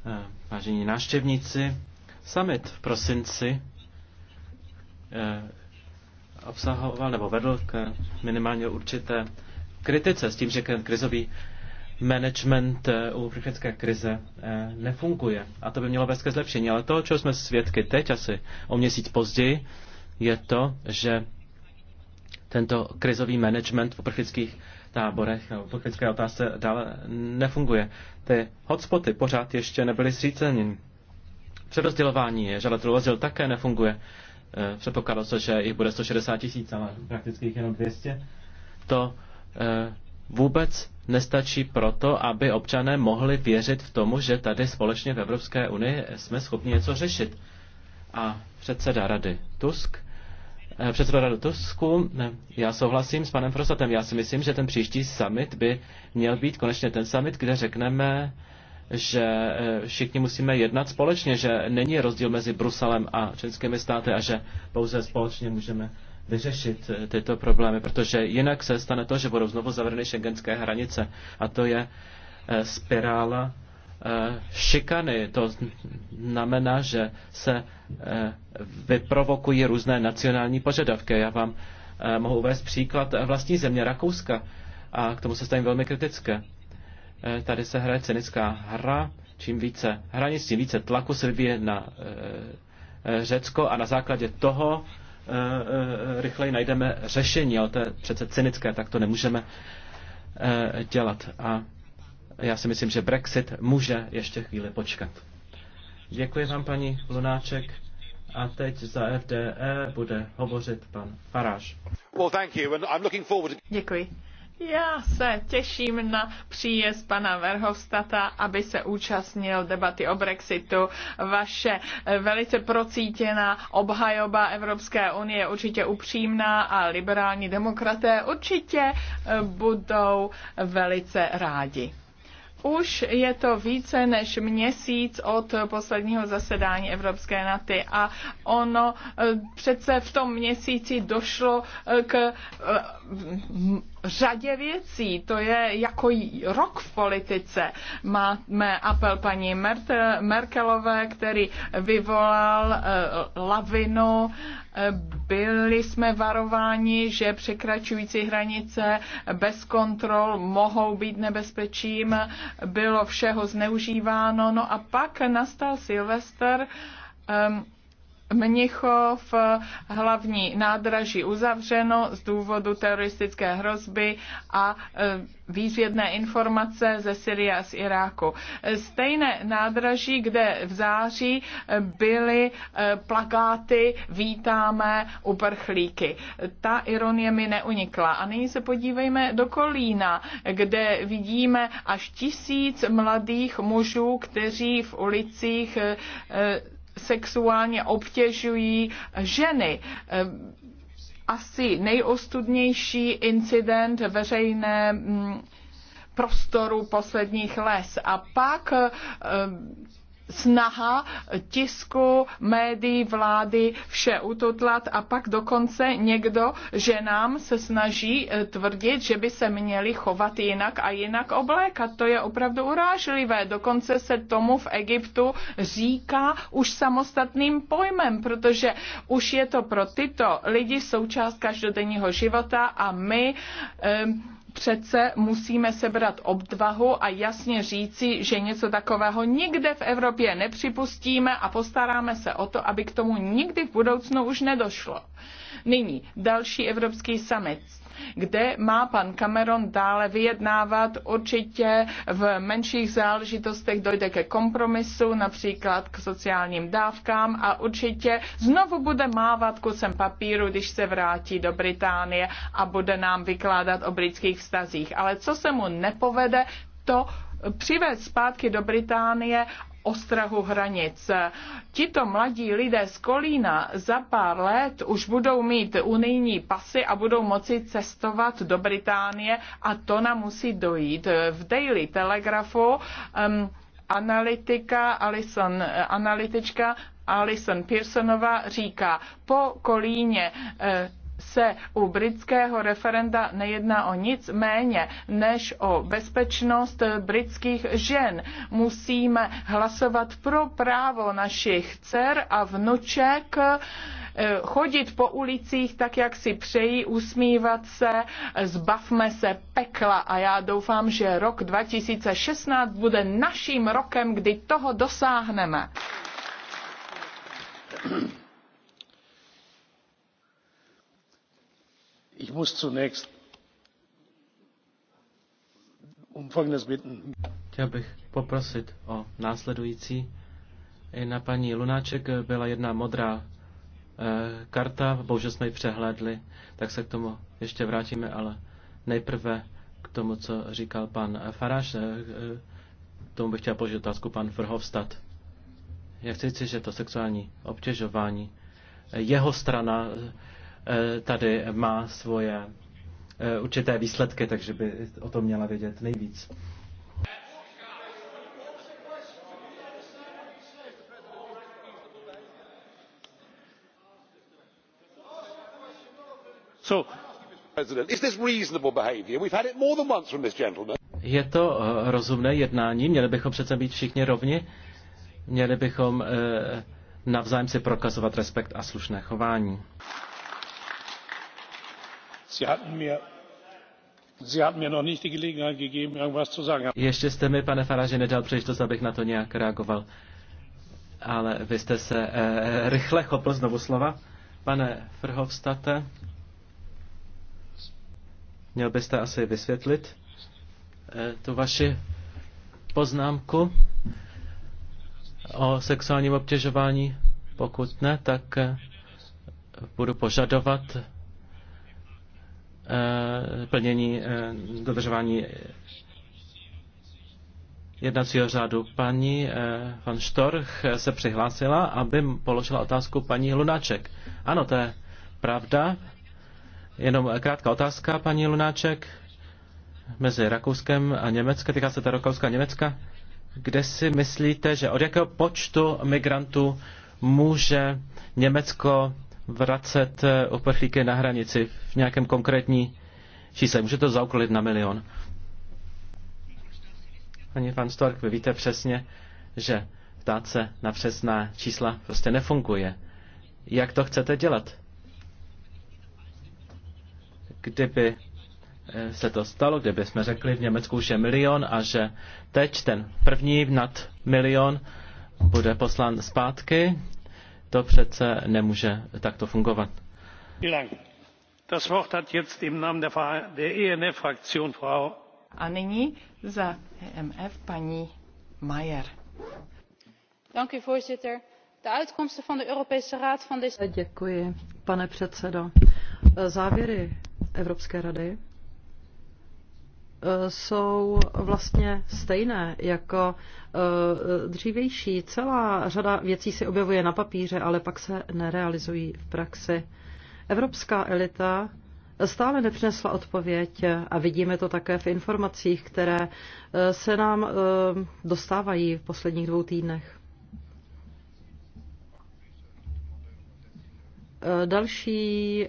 eh, vážení návštěvníci. Summit v prosinci eh, obsahoval nebo vedl k minimálně určité kritice s tím, že krizový management eh, uprchlické krize eh, nefunguje. A to by mělo vést ke zlepšení. Ale to, čeho jsme svědky teď, asi o měsíc později, je to, že tento krizový management v uprchlických táborech nebo eh, v uprchlické otázce dále nefunguje. Ty hotspoty pořád ještě nebyly zříceny. Přerozdělování že azyl také nefunguje. Předpokládalo se, že jich bude 160 tisíc, ale prakticky jich jenom 200. To vůbec nestačí proto, aby občané mohli věřit v tomu, že tady společně v Evropské unii jsme schopni něco řešit. A předseda rady Tusk, eh, předseda rady Tusku, já souhlasím s panem Frosatem, já si myslím, že ten příští summit by měl být konečně ten summit, kde řekneme, že eh, všichni musíme jednat společně, že není rozdíl mezi Bruselem a členskými státy a že pouze společně můžeme vyřešit eh, tyto problémy, protože jinak se stane to, že budou znovu zavřeny šengenské hranice a to je eh, spirála eh, šikany. To znamená, že se vyprovokují různé nacionální požadavky. Já vám mohu uvést příklad vlastní země Rakouska a k tomu se stavím velmi kritické. Tady se hraje cynická hra, čím více hranic, tím více tlaku se vyvíje na Řecko a na základě toho Eh, eh, rychleji najdeme řešení, ale to je přece cynické, tak to nemůžeme eh, dělat. A já si myslím, že Brexit může ještě chvíli počkat. Děkuji vám, paní Lunáček. A teď za FDE bude hovořit pan Faráš. Well, thank you. And I'm looking forward Děkuji. Já se těším na příjezd pana Verhofstata, aby se účastnil debaty o Brexitu. Vaše eh, velice procítěná obhajoba Evropské unie je určitě upřímná a liberální demokraté určitě eh, budou velice rádi. Už je to více než měsíc od posledního zasedání Evropské naty a ono eh, přece v tom měsíci došlo k řadě věcí. To je jako rok v politice. Máme apel paní Merkelové, který vyvolal eh, lavinu. Eh, byli jsme varováni, že překračující hranice bez kontrol mohou být nebezpečím. Bylo všeho zneužíváno. No a pak nastal Silvester. Um, Mnichov hlavní nádraží uzavřeno z důvodu teroristické hrozby a e, výzvědné informace ze Syrie a z Iráku. Stejné nádraží, kde v září e, byly e, plakáty Vítáme uprchlíky. Ta ironie mi neunikla. A nyní se podívejme do Kolína, kde vidíme až tisíc mladých mužů, kteří v ulicích sexuálně obtěžují ženy ehm, asi nejostudnější incident veřejné mm, prostoru posledních les. A pak ehm, snaha tisku, médií, vlády vše ututlat a pak dokonce někdo, že nám se snaží eh, tvrdit, že by se měli chovat jinak a jinak oblékat. To je opravdu urážlivé. Dokonce se tomu v Egyptu říká už samostatným pojmem, protože už je to pro tyto lidi součást každodenního života a my um, přece musíme sebrat obdvahu a jasně říci, že něco takového nikde v Evropě nepřipustíme a postaráme se o to, aby k tomu nikdy v budoucnu už nedošlo. Nyní další evropský summit kde má pan Cameron dále vyjednávat. Určitě v menších záležitostech dojde ke kompromisu, například k sociálním dávkám a určitě znovu bude mávat kusem papíru, když se vrátí do Británie a bude nám vykládat o britských vztazích. Ale co se mu nepovede, to přivést zpátky do Británie ostrahu hranic. Tito mladí lidé z Kolína za pár let už budou mít unijní pasy a budou moci cestovat do Británie a to nám musí dojít. V Daily Telegraphu um, analytika Alison, analytička Alison Pearsonová říká, po Kolíně eh, se u britského referenda nejedná o nic méně než o bezpečnost britských žen. Musíme hlasovat pro právo našich dcer a vnuček eh, chodit po ulicích tak, jak si přejí, usmívat se, zbavme se pekla a já doufám, že rok 2016 bude naším rokem, kdy toho dosáhneme. ich muss zunächst um folgendes bitten. Chtěl bych poprosit o následující. I na paní Lunáček byla jedna modrá eh, karta, bohužel jsme ji přehlédli, tak se k tomu ještě vrátíme, ale nejprve k tomu, co říkal pan Faráš, e, tomu bych chtěl položit otázku pan Frhovstad. Já chci říct, že to sexuální obtěžování, eh, jeho strana Eh, tady má svoje eh, určité výsledky, takže by o tom měla vědět nejvíc. Je to eh, rozumné jednání, měli bychom přece být všichni rovni, měli bychom navzájem si prokazovat respekt a slušné chování. Ještě jste mi, pane Farage, nedal příležitost, abych na to nějak reagoval. Ale vy jste se eh, eh rychle chopl znovu slova. Pane Frhovstate, měl byste asi vysvětlit eh, tu vaši poznámku o sexuálním obtěžování. Pokud ne, tak eh, budu požadovat Eh, plnění eh, dodržování jednacího řádu. Paní eh, van Štorch se přihlásila, aby položila otázku paní Lunáček. Ano, to je pravda. Jenom krátká otázka, paní Lunáček, mezi Rakouskem a Německem, týká se ta Rakouska a Německa. Kde si myslíte, že od jakého počtu migrantů může Německo vracet eh, uprchlíky na hranici v nějakém konkrétní čísle. Může to zaokolit na milion. Ani pan Stork, vy víte přesně, že ptát se na přesná čísla prostě nefunguje. Jak to chcete dělat? Kdyby eh, se to stalo, kdyby jsme řekli v Německu už je milion a že teď ten první nad milion bude poslán zpátky, to přece nemůže takto fungovat. E A nyní za EMF paní Mayer. Děkuji, pane předsedo. Závěry Evropské rady Eh, jsou vlastně stejné jako eh, dřívější. Celá řada věcí se objevuje na papíře, ale pak se nerealizují v praxi. Evropská elita stále nepřinesla odpověď a vidíme to také v informacích, které eh, se nám dostávají v posledních dvou týdnech. Další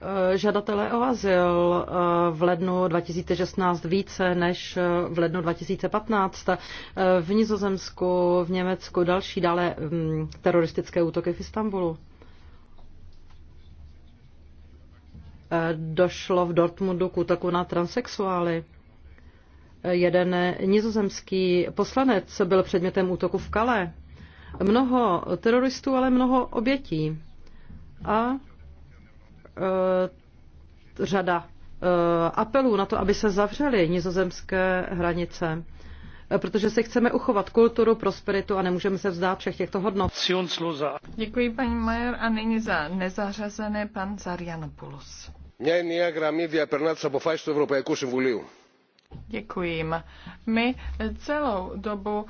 Eh, žadatelé o azyl eh, v lednu 2016 více než eh, v lednu 2015. V Nizozemsku, v Německu další dále mm, teroristické útoky v Istanbulu. Došlo v Dortmundu k útoku na transexuály. Jeden nizozemský poslanec byl předmětem útoku v Kale. Mnoho teroristů, ale mnoho obětí. A Eh, řada eh, apelů na to, aby se zavřely nizozemské hranice, eh, protože si chceme uchovat kulturu, prosperitu a nemůžeme se vzdát všech těchto hodnot. Děkuji, paní Majer. A nyní za nezařazené pan Zarianopoulos. Μια ενιαία γραμμή διαπερνά αποφάσει του Ευρωπαϊκού Συμβουλίου. Děkuji. My celou dobu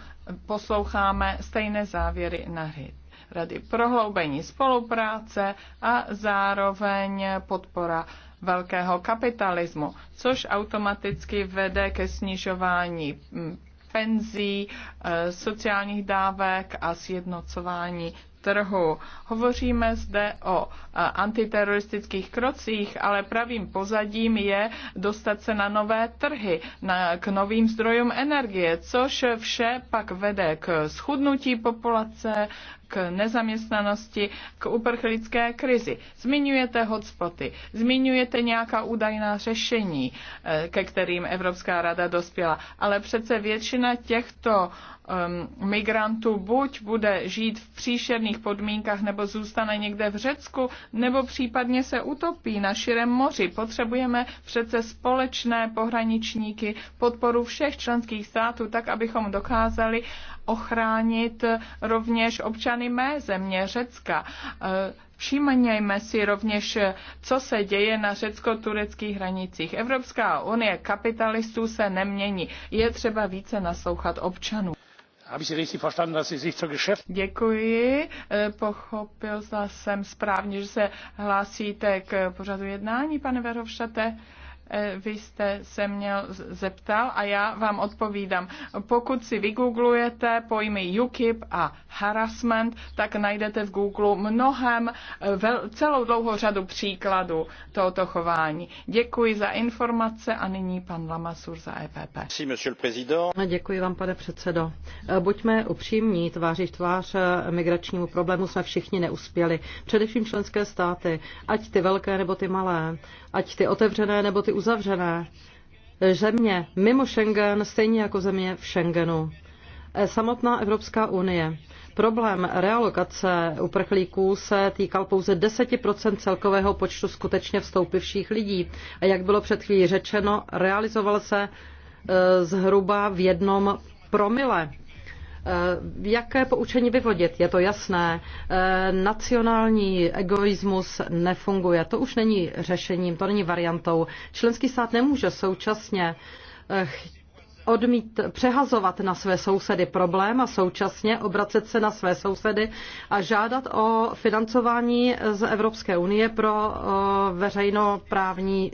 posloucháme stejné závěry na HIT rady prohloubení spolupráce a zároveň podpora velkého kapitalismu, což automaticky vede ke snižování mm, penzí, eh, sociálních dávek a sjednocování trhu. Hovoříme zde o eh, antiteroristických krocích, ale pravým pozadím je dostat se na nové trhy, na, k novým zdrojům energie, což vše pak vede k schudnutí populace, k nezaměstnanosti, k uprchlické krizi. Zmiňujete hotspoty, zmiňujete nějaká údajná řešení, eh, ke kterým Evropská rada dospěla, ale přece většina těchto um, migrantů buď bude žít v příšerných podmínkách, nebo zůstane někde v Řecku, nebo případně se utopí na širém moři. Potřebujeme přece společné pohraničníky, podporu všech členských států, tak abychom dokázali ochránit rovněž občany strany mé země, Řecka. E, Všimněme si rovněž, co se děje na řecko-tureckých hranicích. Evropská unie kapitalistů se nemění. Je třeba více naslouchat občanům. Děkuji, e, pochopil jsem správně, že se hlásíte k pořadu jednání, pane Verhofštate. Eh, vy jste se měl zeptal a já vám odpovídám. Pokud si vygooglujete pojmy UKIP a harassment, tak najdete v Google mnohem eh, celou dlouhou řadu příkladů tohoto chování. Děkuji za informace a nyní pan Lamasur za EPP. Děkuji vám, pane předsedo. Eh, buďme upřímní, tváří v tvář migračnímu problému jsme všichni neuspěli. Především členské státy, ať ty velké nebo ty malé ať ty otevřené nebo ty uzavřené. Země mimo Schengen, stejně jako země v Schengenu. E, samotná Evropská unie. Problém realokace uprchlíků se týkal pouze 10 celkového počtu skutečně vstoupivších lidí. A jak bylo před chvílí řečeno, realizoval se e, zhruba v jednom promile Eh, jaké poučení vyvodit? Je to jasné. Eh, nacionální egoismus nefunguje. To už není řešením, to není variantou. Členský stát nemůže současně eh, odmít přehazovat na své sousedy problém a současně obracet se na své sousedy a žádat o financování z Evropské unie pro veřejnoprávní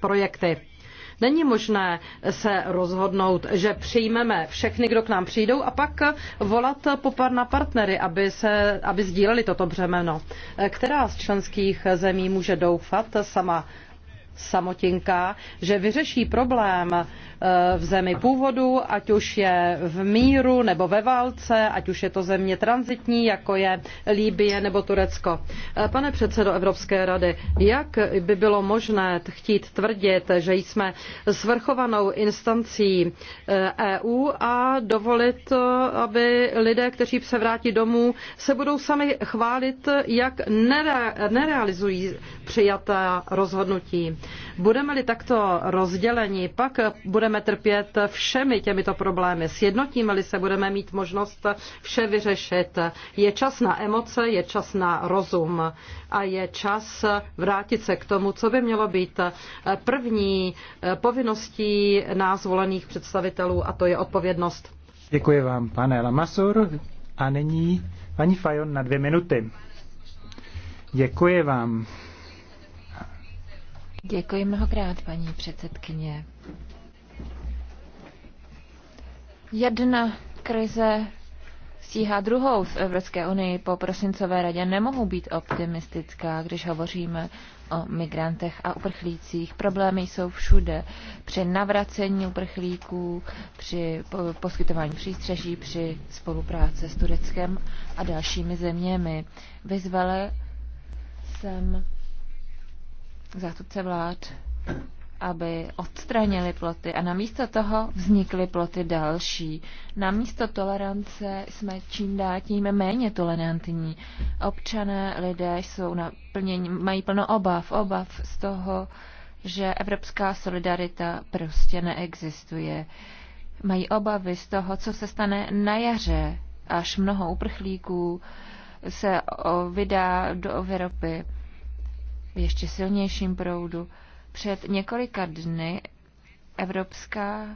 projekty. Není možné se rozhodnout, že přijmeme všechny, kdo k nám přijdou a pak volat popad na partnery, aby, se, aby sdíleli toto břemeno. Která z členských zemí může doufat sama samotinka, že vyřeší problém eh, v zemi původu, ať už je v míru nebo ve válce, ať už je to země transitní, jako je Líbie nebo Turecko. Eh, pane předsedo Evropské rady, jak by bylo možné chtít tvrdit, že jsme svrchovanou instancí EU eh, e a dovolit, aby lidé, kteří se vrátí domů, se budou sami chválit, jak nere- nerealizují přijatá rozhodnutí. Budeme-li takto rozděleni, pak budeme trpět všemi těmito problémy. Sjednotíme-li se, budeme mít možnost vše vyřešit. Je čas na emoce, je čas na rozum a je čas vrátit se k tomu, co by mělo být první povinností nás volených představitelů a to je odpovědnost. Děkuji vám, pane Lamasur. A nyní paní Fajon na dvě minuty. Děkuji vám. Děkuji mnohokrát, paní předsedkyně. Jedna krize stíhá druhou v Evropské unii po prosincové radě. Nemohu být optimistická, když hovoříme o migrantech a uprchlících. Problémy jsou všude. Při navracení uprchlíků, při poskytování přístřeží, při spolupráce s Tureckem a dalšími zeměmi. Vyzvala jsem zástupce vlád, aby odstranili ploty a namísto toho vznikly ploty další. Namísto tolerance jsme čím dál tím méně tolerantní. Občané, lidé jsou plnění, mají plno obav, obav z toho, že evropská solidarita prostě neexistuje. Mají obavy z toho, co se stane na jaře, až mnoho uprchlíků se vydá do Evropy v ještě silnějším proudu. Před několika dny Evropská,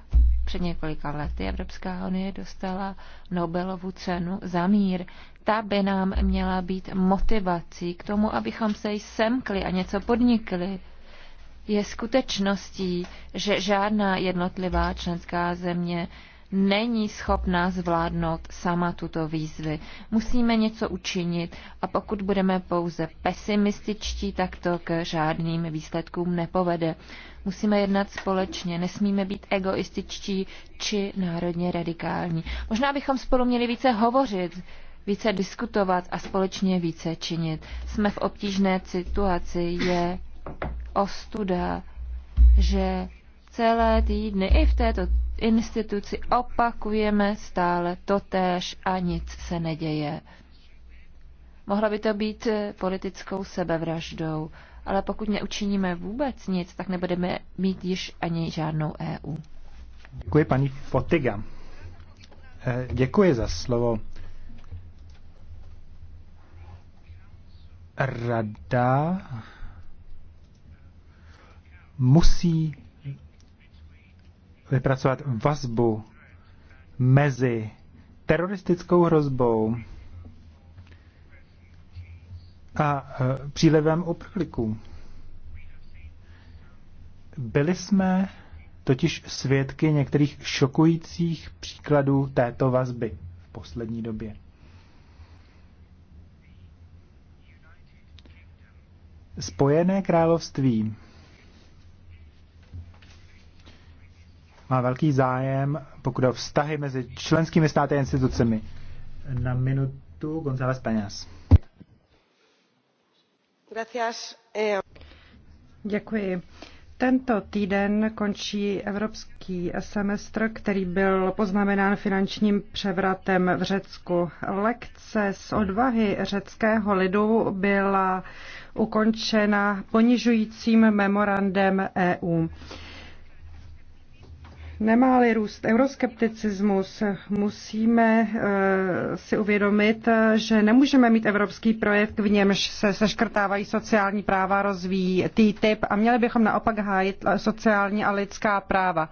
před několika lety Evropská unie dostala Nobelovu cenu za mír. Ta by nám měla být motivací k tomu, abychom se jí semkli a něco podnikli. Je skutečností, že žádná jednotlivá členská země není schopná zvládnout sama tuto výzvy. Musíme něco učinit a pokud budeme pouze pesimističtí, tak to k žádným výsledkům nepovede. Musíme jednat společně, nesmíme být egoističtí či národně radikální. Možná bychom spolu měli více hovořit, více diskutovat a společně více činit. Jsme v obtížné situaci, je ostuda, že celé týdny i v této instituci opakujeme stále totéž a nic se neděje. Mohla by to být eh, politickou sebevraždou, ale pokud neučiníme vůbec nic, tak nebudeme mít již ani žádnou EU. Děkuji paní Fotiga. Eh, děkuji za slovo. Rada musí vypracovat vazbu mezi teroristickou hrozbou a e, přílivem uprchlíků. Byli jsme totiž svědky některých šokujících příkladů této vazby v poslední době. Spojené království má velký zájem, pokud o vztahy mezi členskými státy a institucemi. Na minutu González Peñas. Eh. Děkuji. Tento týden končí evropský semestr, který byl poznamenán finančním převratem v Řecku. Lekce z odvahy řeckého lidu byla ukončena ponižujícím memorandem EU. Nemá-li růst euroskepticismus, musíme eh, si uvědomit, že nemůžeme mít evropský projekt, v němž se seškrtávají sociální práva, rozvíjí TTIP a měli bychom naopak hájit eh, sociální a lidská práva.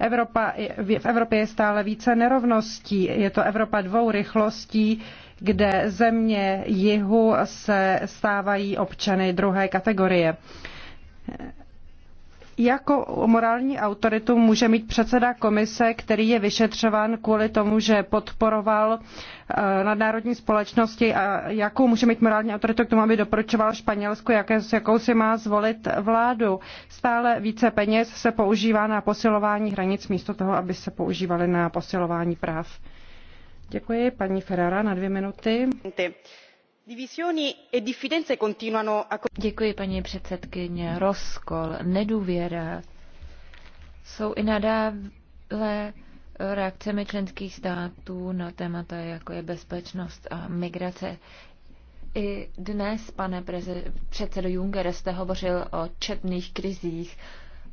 Evropa, v Evropě je stále více nerovností. Je to Evropa dvou rychlostí, kde země jihu se stávají občany druhé kategorie jako morální autoritu může mít předseda komise, který je vyšetřován kvůli tomu, že podporoval eh, nadnárodní společnosti a jakou může mít morální autoritu k tomu, aby doporučoval Španělsku, jaké, jakou si má zvolit vládu. Stále více peněz se používá na posilování hranic místo toho, aby se používaly na posilování práv. Děkuji, paní Ferrara, na dvě minuty. E Děkuji, paní předsedkyně. Rozkol, nedůvěra jsou i nadále reakcemi členských států na témata, jako je bezpečnost a migrace. I dnes, pane předsedo Juncker, jste hovořil o četných krizích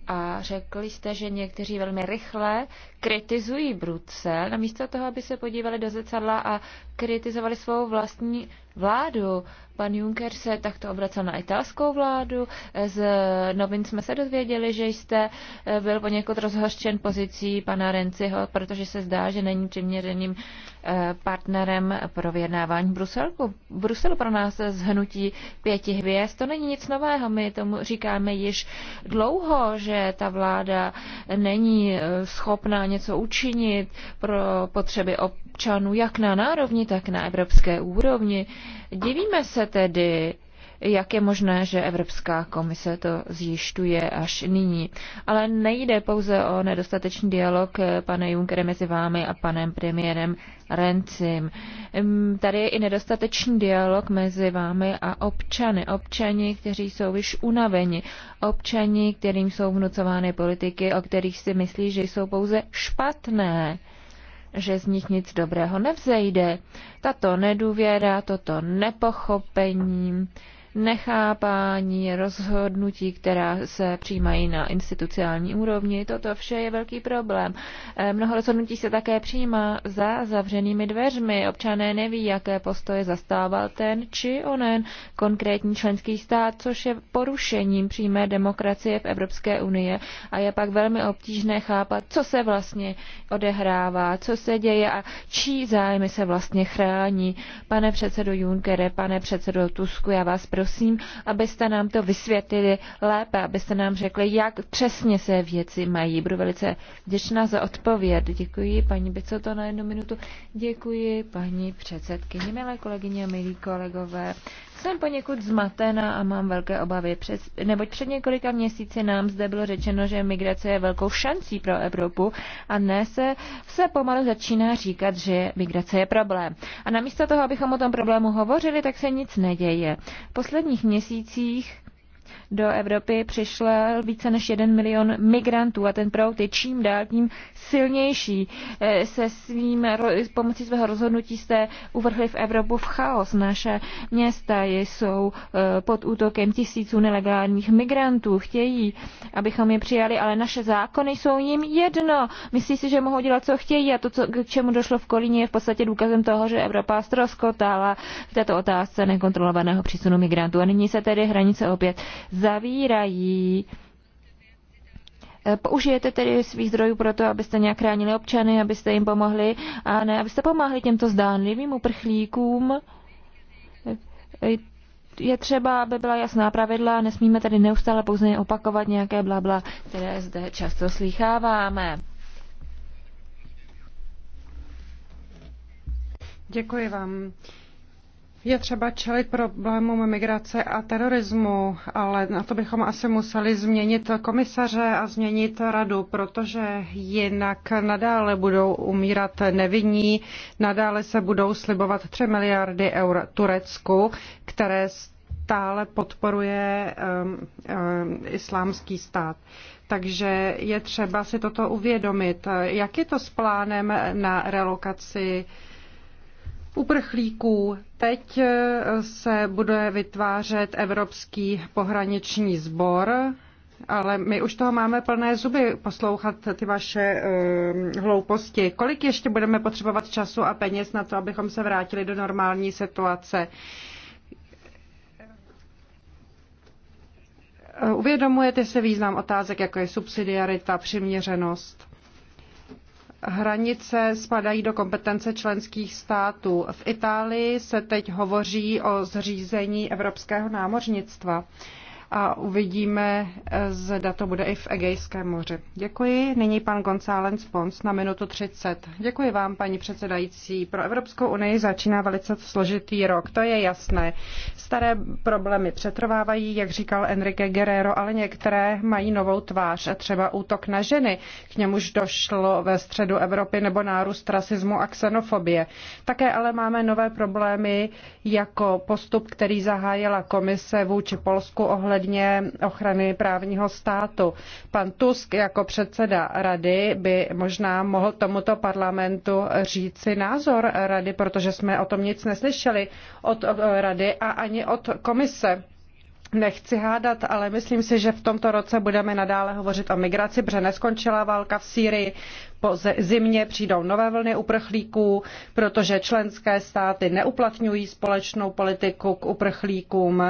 a řekl jste, že někteří velmi rychle kritizují Brusel, namísto toho, aby se podívali do zrcadla a kritizovali svou vlastní vládu. Pan Juncker se takto obracel na italskou vládu. Z novin jsme se dozvěděli, že jste eh, byl poněkud rozhořčen pozicí pana Renciho, protože se zdá, že není přiměřeným eh, partnerem pro vyjednávání Bruselku. Brusel pro nás zhnutí pěti hvězd, to není nic nového. My tomu říkáme již dlouho, že ta vláda není eh, schopná něco učinit pro potřeby občanů občanů, jak na nárovni, tak na evropské úrovni. Divíme se tedy, jak je možné, že Evropská komise to zjišťuje až nyní. Ale nejde pouze o nedostatečný dialog eh, pane Junckere mezi vámi a panem premiérem Rencim. Tady je i nedostatečný dialog mezi vámi a občany. Občani, kteří jsou již unaveni. Občani, kterým jsou vnucovány politiky, o kterých si myslí, že jsou pouze špatné že z nich nic dobrého nevzejde. Tato nedůvěra, toto nepochopení, nechápání rozhodnutí, která se přijímají na institucionální úrovni. Toto vše je velký problém. Eh, mnoho rozhodnutí se také přijímá za zavřenými dveřmi. Občané neví, jaké postoje zastával ten či onen konkrétní členský stát, což je porušením přímé demokracie v Evropské unii a je pak velmi obtížné chápat, co se vlastně odehrává, co se děje a čí zájmy se vlastně chrání. Pane předsedo Junckere, pane předsedo Tusku, já vás prosím, prosím, abyste nám to vysvětlili lépe, abyste nám řekli, jak přesně se věci mají. Budu velice vděčná za odpověď. Děkuji, paní Bicoto, na jednu minutu. Děkuji, paní předsedkyni milé kolegyně milí kolegové. Jsem poněkud zmatená a mám velké obavy, přes, neboť před několika měsíci nám zde bylo řečeno, že migrace je velkou šancí pro Evropu a ne se, se pomalu začíná říkat, že migrace je problém. A namísto toho, abychom o tom problému hovořili, tak se nic neděje. V posledních měsících do Evropy přišlo více než jeden milion migrantů a ten proud je čím dál tím silnější. Eh, se svým, pomocí svého rozhodnutí jste uvrhli v Evropu v chaos. Naše města jsou eh, pod útokem tisíců nelegálních migrantů. Chtějí, abychom je přijali, ale naše zákony jsou jim jedno. Myslí si, že mohou dělat, co chtějí a to, co, k čemu došlo v Kolíně, je v podstatě důkazem toho, že Evropa stroskotala v této otázce nekontrolovaného přísunu migrantů. A nyní se tedy hranice opět zavírají. E, použijete tedy svých zdrojů pro to, abyste nějak chránili občany, abyste jim pomohli, a ne abyste pomáhli těmto zdánlivým uprchlíkům. E, je třeba, aby byla jasná pravidla, nesmíme tady neustále pouze opakovat nějaké blabla, které zde často slýcháváme. Děkuji vám. Je třeba čelit problémům migrace a terorismu, ale na to bychom asi museli změnit komisaře a změnit radu, protože jinak nadále budou umírat nevinní, nadále se budou slibovat 3 miliardy eur Turecku, které stále podporuje um, um, islámský stát. Takže je třeba si toto uvědomit. Jak je to s plánem na relokaci uprchlíků Teď eh, se bude vytvářet Evropský pohraniční sbor, ale my už toho máme plné zuby poslouchat ty vaše uh, hlouposti. Kolik ještě budeme potřebovat času a peněz na to, abychom se vrátili do normální situace? Eh, uvědomujete se význam otázek, jako je subsidiarita, přiměřenost? Hranice spadají do kompetence členských států. V Itálii se teď hovoří o zřízení evropského námořnictva a uvidíme, eh, zda to bude i v Egejském moři. Děkuji. Nyní pan González Pons na minutu 30. Děkuji vám, paní předsedající. Pro Evropskou unii začíná velice složitý rok, to je jasné. Staré problémy přetrvávají, jak říkal Enrique Guerrero, ale některé mají novou tvář, třeba útok na ženy. K němuž došlo ve středu Evropy nebo nárůst rasismu a xenofobie. Také ale máme nové problémy jako postup, který zahájila komise vůči Polsku ohledně ohledně ochrany právního státu. Pan Tusk jako předseda rady by možná mohl tomuto parlamentu říci názor rady, protože jsme o tom nic neslyšeli od rady a ani od komise. Nechci hádat, ale myslím si, že v tomto roce budeme nadále hovořit o migraci, protože neskončila válka v Sýrii po zimě přijdou nové vlny uprchlíků, protože členské státy neuplatňují společnou politiku k uprchlíkům.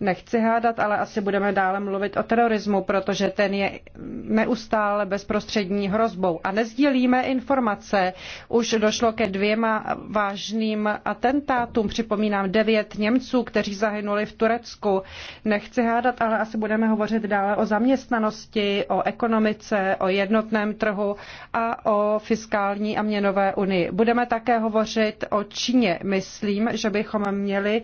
Nechci hádat, ale asi budeme dále mluvit o terorismu, protože ten je neustále bezprostřední hrozbou. A nezdílíme informace. Už došlo ke dvěma vážným atentátům. Připomínám devět Němců, kteří zahynuli v Turecku. Nechci hádat, ale asi budeme hovořit dále o zaměstnanosti, o ekonomice, o jednotném trhu a o fiskální a měnové unii. Budeme také hovořit o Číně. Myslím, že bychom měli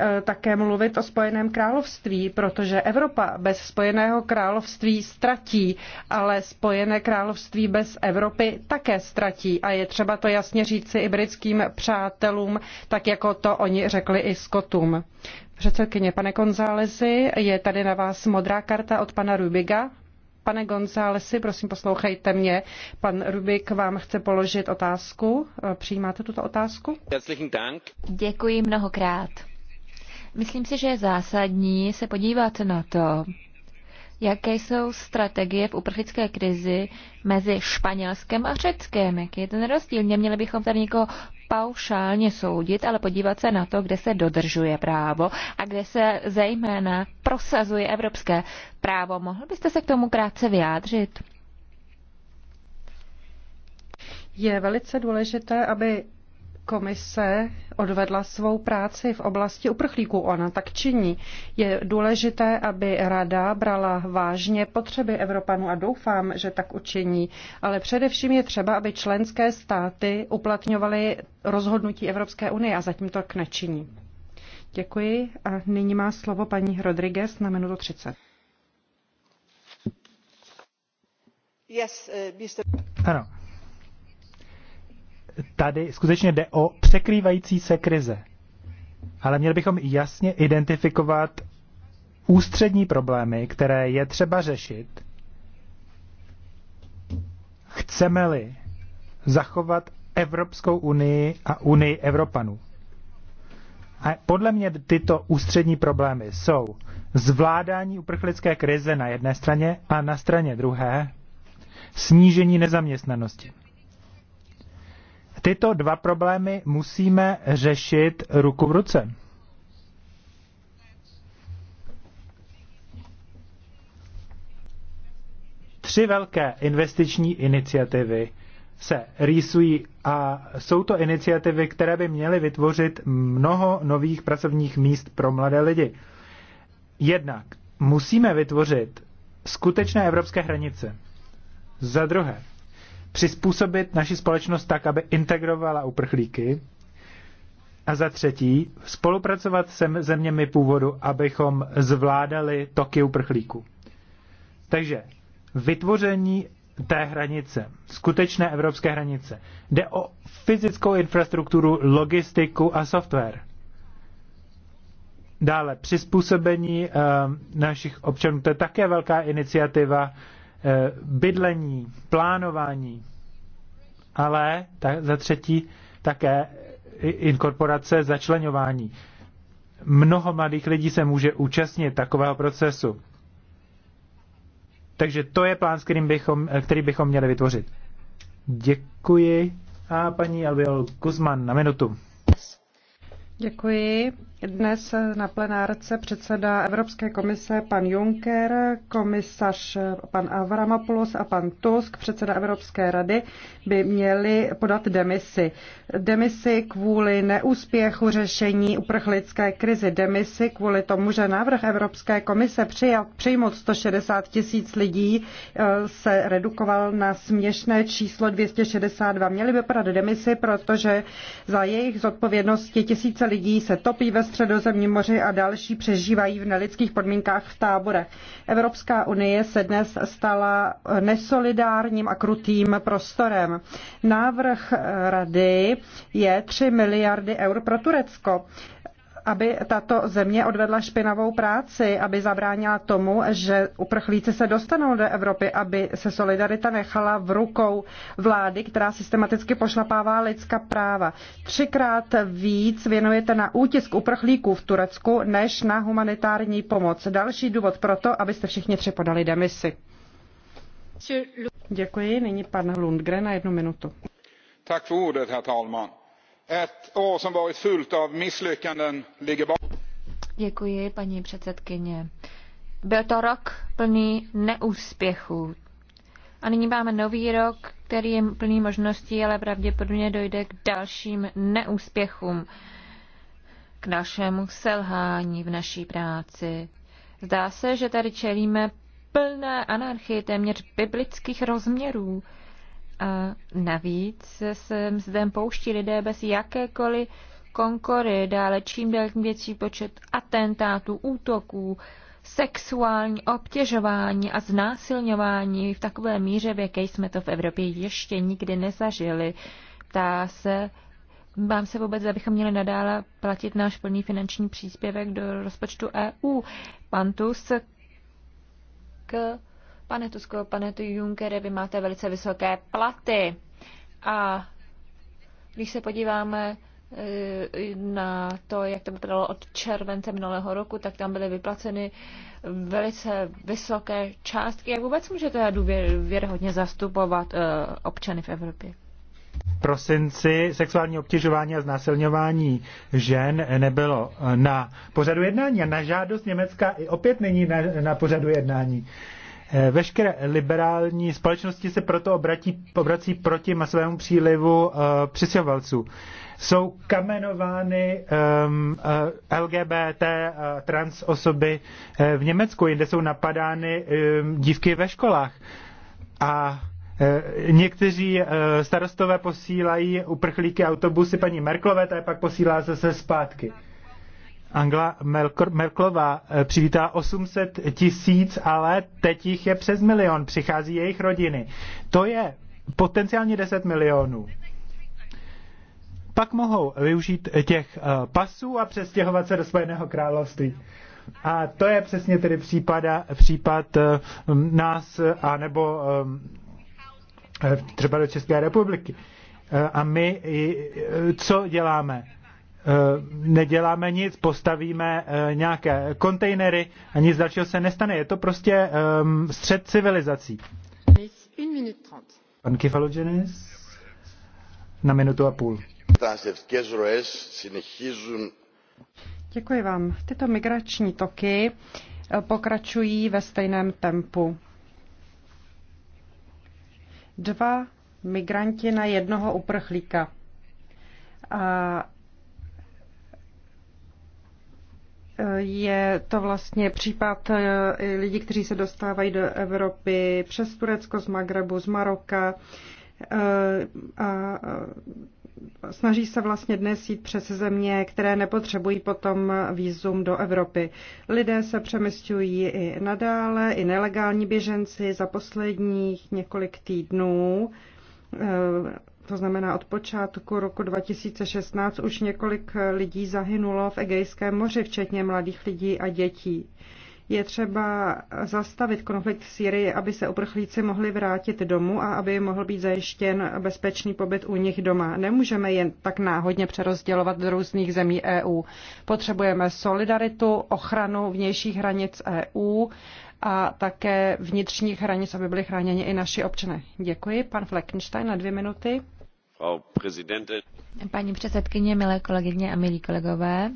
eh, také mluvit o Spojeném království, protože Evropa bez Spojeného království ztratí, ale Spojené království bez Evropy také ztratí. A je třeba to jasně říci i britským přátelům, tak jako to oni řekli i Skotům. Předsedkyně, pane Konzálezi, je tady na vás modrá karta od pana Rubiga. Pane Gonzálesi, prosím poslouchejte mě. Pan Rubik vám chce položit otázku. Eh, přijímáte tuto otázku? Děkuji mnohokrát. Myslím si, že je zásadní se podívat na to, jaké jsou strategie v uprchlické krizi mezi Španělskem a Řeckem. Jaký je ten rozdíl? Neměli bychom tady někoho paušálně soudit, ale podívat se na to, kde se dodržuje právo a kde se zejména prosazuje evropské právo. Mohl byste se k tomu krátce vyjádřit? Je velice důležité, aby komise odvedla svou práci v oblasti uprchlíků. Ona tak činí. Je důležité, aby rada brala vážně potřeby Evropanů a doufám, že tak učiní. Ale především je třeba, aby členské státy uplatňovaly rozhodnutí Evropské unie a zatím to tak nečiní. Děkuji a nyní má slovo paní Rodriguez na minutu 30. Yes, uh, Ano, tady skutečně jde o překrývající se krize. Ale měli bychom jasně identifikovat ústřední problémy, které je třeba řešit, chceme-li zachovat Evropskou unii a unii Evropanů. A podle mě tyto ústřední problémy jsou zvládání uprchlické krize na jedné straně a na straně druhé snížení nezaměstnanosti. Tyto dva problémy musíme řešit ruku v ruce. Tři velké investiční iniciativy se rýsují a jsou to iniciativy, které by měly vytvořit mnoho nových pracovních míst pro mladé lidi. Jednak musíme vytvořit skutečné evropské hranice. Za druhé, přizpůsobit naši společnost tak, aby integrovala uprchlíky. A za třetí, spolupracovat se zeměmi původu, abychom zvládali toky uprchlíků. Takže vytvoření té hranice, skutečné evropské hranice, jde o fyzickou infrastrukturu, logistiku a software. Dále přizpůsobení uh, našich občanů, to je také velká iniciativa, Eh, bydlení, plánování, ale ta, za třetí také inkorporace začlenování. Mnoho mladých lidí se může účastnit takového procesu. Takže to je plán, kterým bychom, eh, který bychom měli vytvořit. Děkuji. A paní Albiol Guzman na minutu. Děkuji. Dnes na plenárce předseda Evropské komise pan Juncker, komisař pan Avramopoulos a pan Tusk, předseda Evropské rady, by měli podat demisi. Demisi kvůli neúspěchu řešení uprchlické krizi. Demisi kvůli tomu, že návrh Evropské komise přijat, přijmout 160 tisíc lidí eh, se redukoval na směšné číslo 262. Měli by podat demisi, protože za jejich zodpovědnosti tisíce Tisíce lidí se topí ve středozemním moři a další přežívají v nelidských podmínkách v táborech. Evropská unie se dnes stala nesolidárním a krutým prostorem. Návrh eh, rady je 3 miliardy eur pro Turecko aby tato země odvedla špinavou práci, aby zabránila tomu, že uprchlíci se dostanou do Evropy, aby se solidarita nechala v rukou vlády, která systematicky pošlapává lidská práva. Třikrát víc věnujete na útisk uprchlíků v Turecku než na humanitární pomoc. Další důvod pro to, abyste všichni tři podali demisi. Děkuji. Nyní pan Lundgren na jednu minutu. Tak för ordet, herr talman. Ett år som varit fullt av misslyckanden ligger bakom. Děkuji, paní předsedkyně. Byl to rok plný neúspěchů. A nyní máme nový rok, který je plný možností, ale pravděpodobně dojde k dalším neúspěchům, k našemu selhání v naší práci. Zdá se, že tady čelíme plné anarchii téměř biblických rozměrů. A navíc se zde pouští lidé bez jakékoliv konkory, dále čím dál větší počet atentátů, útoků, sexuální obtěžování a znásilňování v takové míře, v jaké jsme to v Evropě ještě nikdy nezažili. Ptá se, Bám se vůbec, abychom měli nadále platit náš plný finanční příspěvek do rozpočtu EU. Pan Tusk Pane Tusko, pane tu Junkere, vy máte velice vysoké platy. A když se podíváme eh, na to, jak to vypadalo od července minulého roku, tak tam byly vyplaceny velice vysoké částky. Jak vůbec můžete důvěrhodně zastupovat eh, občany v Evropě? prosinci sexuální obtěžování a znásilňování žen nebylo eh, na pořadu jednání a na žádost Německa i opět není na, na pořadu jednání. Eh, veškeré liberální společnosti se proto obratí, obrací proti masovému přílivu uh, přistěhovalců. Jsou kamenovány um, ehm, uh, eh, LGBT uh, trans osoby uh, v Německu, jinde jsou napadány um, dívky ve školách. A Někteří starostové posílají uprchlíky autobusy paní Merklové, ta je pak posílá zase zpátky. Angela Merklová eh, přivítá 800 tisíc, ale teď jich je přes milion, přichází jejich rodiny. To je potenciálně 10 milionů. Pak mohou využít těch eh, pasů a přestěhovat se do Spojeného království. A to je přesně tedy případa, případ eh, nás, anebo třeba do České republiky. A my, co děláme? Eh, neděláme nic, postavíme eh, nějaké kontejnery a nic dalšího se nestane. Je to prostě ehm, střed civilizací. Pan Kifalogenis na minutu a půl. Děkuji vám. Tyto migrační toky eh, pokračují ve stejném tempu. Dva migranti na jednoho uprchlíka. A Je to vlastně případ eh, lidí, kteří se dostávají do Evropy přes Turecko, z Magrebu, z Maroka eh, a eh, snaží se vlastně dnes jít přes země, které nepotřebují potom výzum do Evropy. Lidé se přemysťují i nadále, i nelegální běženci za posledních několik týdnů to znamená od počátku roku 2016, už několik lidí zahynulo v Egejském moři, včetně mladých lidí a dětí. Je třeba zastavit konflikt v Syrii, aby se uprchlíci mohli vrátit domů a aby mohl být zajištěn bezpečný pobyt u nich doma. Nemůžeme jen tak náhodně přerozdělovat do různých zemí EU. Potřebujeme solidaritu, ochranu vnějších hranic EU a také vnitřních hranic, aby byly chráněni i naši občané. Děkuji. Pan Fleckenstein na dvě minuty. Paní předsedkyně, milé kolegyně a milí kolegové,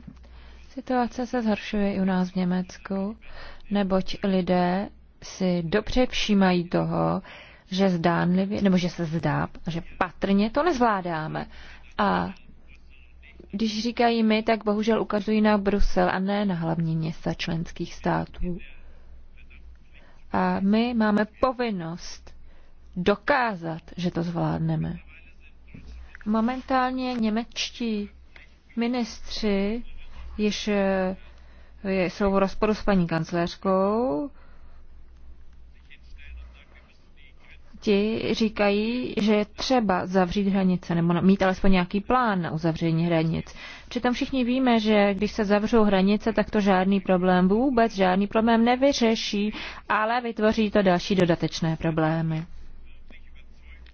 situace se zhoršuje i u nás v Německu, neboť lidé si dobře všímají toho, že zdánlivě, nebo že se zdá, že patrně to nezvládáme. A když říkají my, tak bohužel ukazují na Brusel a ne na hlavní města členských států. A my máme povinnost dokázat, že to zvládneme. Momentálně němečtí ministři již eh, jsou v rozporu s paní kancléřkou. Ti říkají, že je třeba zavřít hranice nebo no, mít alespoň nějaký plán na uzavření hranic. Přitom všichni víme, že když se zavřou hranice, tak to žádný problém vůbec, žádný problém nevyřeší, ale vytvoří to další dodatečné problémy.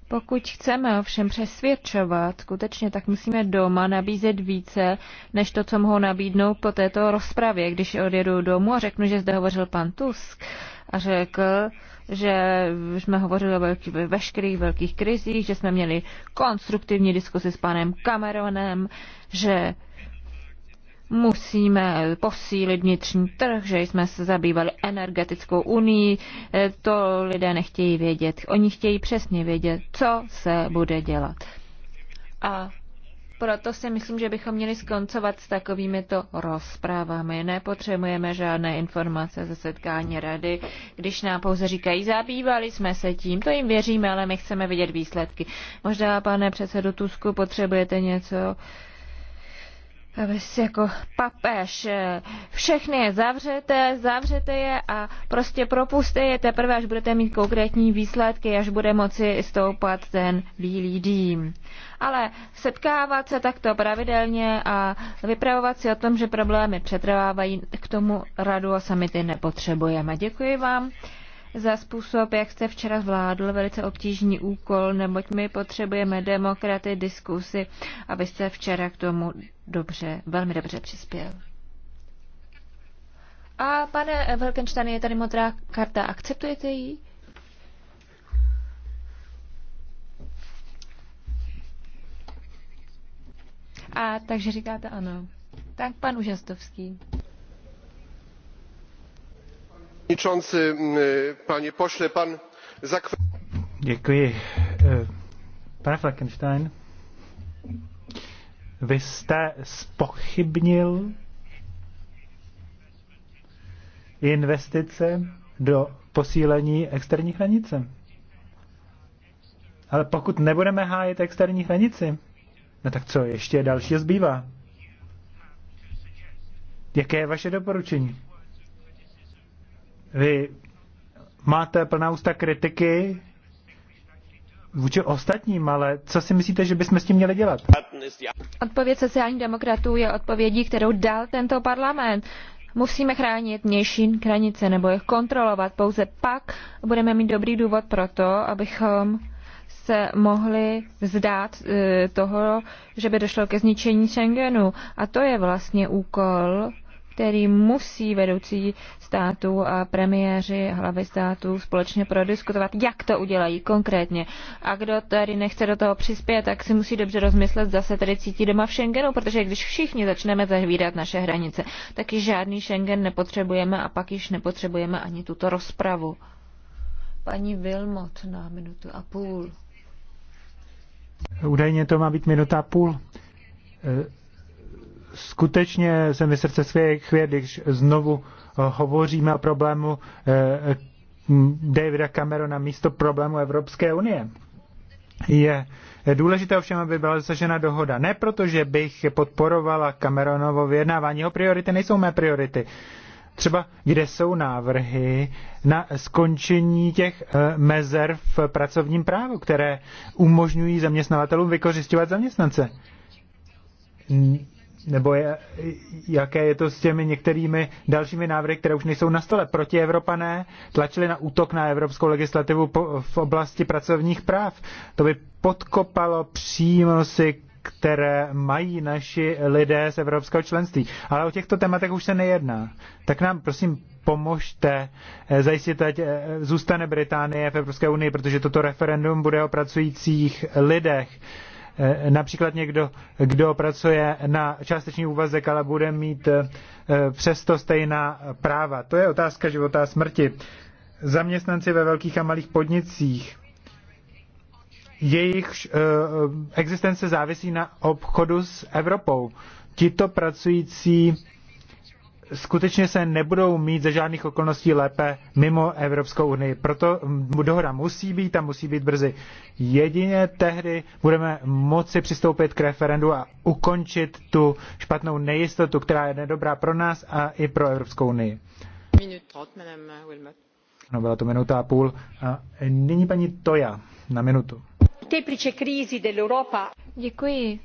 Pokud chceme ovšem přesvědčovat, skutečně tak musíme doma nabízet více, než to, co mohou nabídnout po této rozpravě. Když odjedu domů a řeknu, že zde hovořil pan Tusk a řekl, že jsme hovořili o velký, veškerých velkých krizích, že jsme měli konstruktivní diskusi s panem Cameronem, že musíme posílit vnitřní trh, že jsme se zabývali energetickou unii, e, to lidé nechtějí vědět. Oni chtějí přesně vědět, co se bude dělat. A proto si myslím, že bychom měli skoncovat s takovými to rozprávami. Nepotřebujeme žádné informace ze setkání rady, když nám pouze říkají, zabývali jsme se tím, to jim věříme, ale my chceme vidět výsledky. Možná, pane předsedu Tusku, potřebujete něco, jako papež. Eh, všechny je zavřete, zavřete je a prostě propuste je teprve, až budete mít konkrétní výsledky, až bude moci stoupat ten bílý dým. Ale setkávat se takto pravidelně a vypravovat si o tom, že problémy přetrvávají, k tomu radu a samity nepotřebujeme. Děkuji vám za způsob, jak jste včera zvládl velice obtížný úkol, neboť my potřebujeme demokraty, diskusy a včera k tomu dobře, velmi dobře přispěl. A pane Velkenštany, je tady modrá karta, akceptujete ji? A takže říkáte ano. Tak pan Užastovský. Předsedající, e, pane pošle, pan Děkuji. Pane spochybnil investice do posílení externí hranice. Ale pokud nebudeme hájit externí hranici, no tak co ještě další zbývá? Jaké je vaše doporučení? Vy máte plná ústa kritiky vůči ostatním, ale co si myslíte, že bychom s tím měli dělat? Odpověď sociálních demokratů je odpovědí, kterou dal tento parlament. Musíme chránit vnější hranice nebo je kontrolovat. Pouze pak budeme mít dobrý důvod pro to, abychom se mohli vzdát eh, toho, že by došlo ke zničení Schengenu. A to je vlastně úkol který musí vedoucí státu a premiéři hlavy státu společně prodiskutovat, jak to udělají konkrétně. A kdo tady nechce do toho přispět, tak si musí dobře rozmyslet, zase tady cítí doma v Schengenu, protože když všichni začneme zahvídat naše hranice, tak i žádný Schengen nepotřebujeme a pak již nepotřebujeme ani tuto rozpravu. Paní Vilmot na minutu a půl. Údajně to má být minuta a půl skutečně se mi srdce chvě, když znovu eh, hovoříme o problému eh, Davida Camerona místo problému Evropské unie. Je důležité ovšem, aby byla zasažena dohoda. Ne proto, že bych podporovala Cameronovo vyjednávání, jeho priority nejsou mé priority. Třeba kde jsou návrhy na skončení těch eh, mezer v pracovním právu, které umožňují zaměstnavatelům vykořišťovat zaměstnance nebo je, jaké je to s těmi některými dalšími návrhy, které už nejsou na stole. Proti Evropané tlačili na útok na evropskou legislativu po, v oblasti pracovních práv. To by podkopalo přínosy které mají naši lidé z evropského členství. Ale o těchto tématech už se nejedná. Tak nám prosím pomožte eh, zajistit, ať eh, zůstane Británie v Evropské unii, protože toto referendum bude o pracujících lidech. Eh, například někdo, kdo pracuje na částečný úvazek, ale bude mít eh, přesto stejná práva. To je otázka života a smrti. Zaměstnanci ve velkých a malých podnicích, jejich eh, existence závisí na obchodu s Evropou. Tito pracující skutečně se nebudou mít ze žádných okolností lépe mimo Evropskou unii. Proto dohoda musí být a musí být brzy. Jedině tehdy budeme moci přistoupit k referendu a ukončit tu špatnou nejistotu, která je nedobrá pro nás a i pro Evropskou unii. No, byla to minuta a půl. A nyní paní Toja na minutu. Děkuji.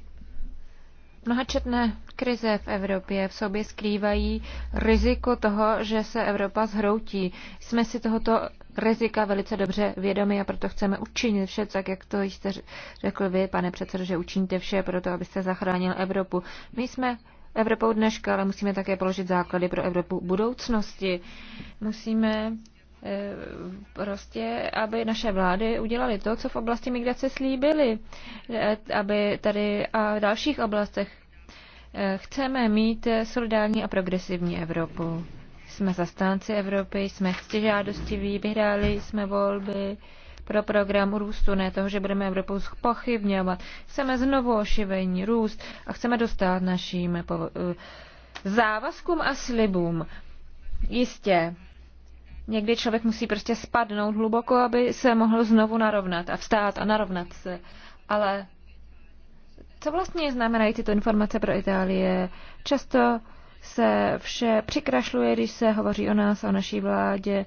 Mnohačetné krize v Evropě v sobě skrývají riziko toho, že se Evropa zhroutí. Jsme si tohoto rizika velice dobře vědomi a proto chceme učinit vše, tak jak to jste řekl vy, pane předsedo, že učiníte vše pro to, abyste zachránil Evropu. My jsme Evropou dneška, ale musíme také položit základy pro Evropu budoucnosti. Musíme Eh, prostě, aby naše vlády udělaly to, co v oblasti migrace slíbily, eh, aby tady a v dalších oblastech eh, chceme mít solidární a progresivní Evropu. Jsme zastánci Evropy, jsme ctižádostiví, vyhráli jsme volby pro program růstu, ne toho, že budeme Evropu pochybňovat. Chceme znovu ošivení, růst a chceme dostat našim závazkům a slibům. Jistě, Někdy člověk musí prostě spadnout hluboko, aby se mohl znovu narovnat a vstát a narovnat se. Ale co vlastně znamenají tyto informace pro Itálie? Často se vše přikrašluje, když se hovoří o nás, o naší vládě.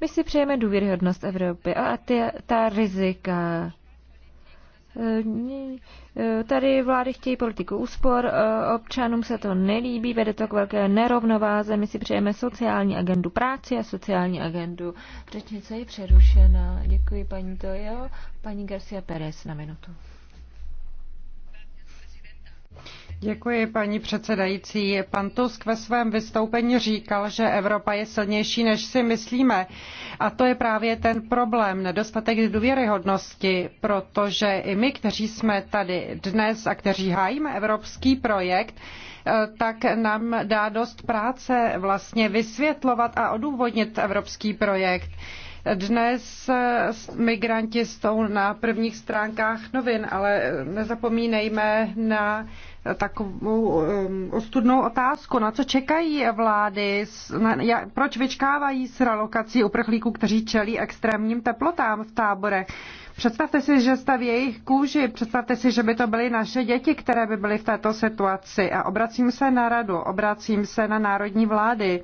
My si přejeme důvěryhodnost Evropy a ty, ta rizika Eh, tady vlády chtějí politiku úspor, eh, občanům se to nelíbí, vede to k velké nerovnováze. My si přejeme sociální agendu práce a sociální agendu. Řečnice je přerušena. Děkuji paní Tojo. Paní Garcia Pérez na minutu. Děkuji, paní předsedající. Pan Tusk ve svém vystoupení říkal, že Evropa je silnější, než si myslíme. A to je právě ten problém, nedostatek důvěryhodnosti, protože i my, kteří jsme tady dnes a kteří hájíme evropský projekt, eh, tak nám dá dost práce vlastně vysvětlovat a odůvodnit evropský projekt. Dnes eh, migranti jsou na prvních stránkách novin, ale nezapomínejme na takovou um, ostudnou otázku. Na co čekají vlády? proč vyčkávají s relokací uprchlíků, kteří čelí extrémním teplotám v tábore? Představte si, že jste v jejich kůži, představte si, že by to byly naše děti, které by byly v této situaci. A obracím se na radu, obracím se na národní vlády.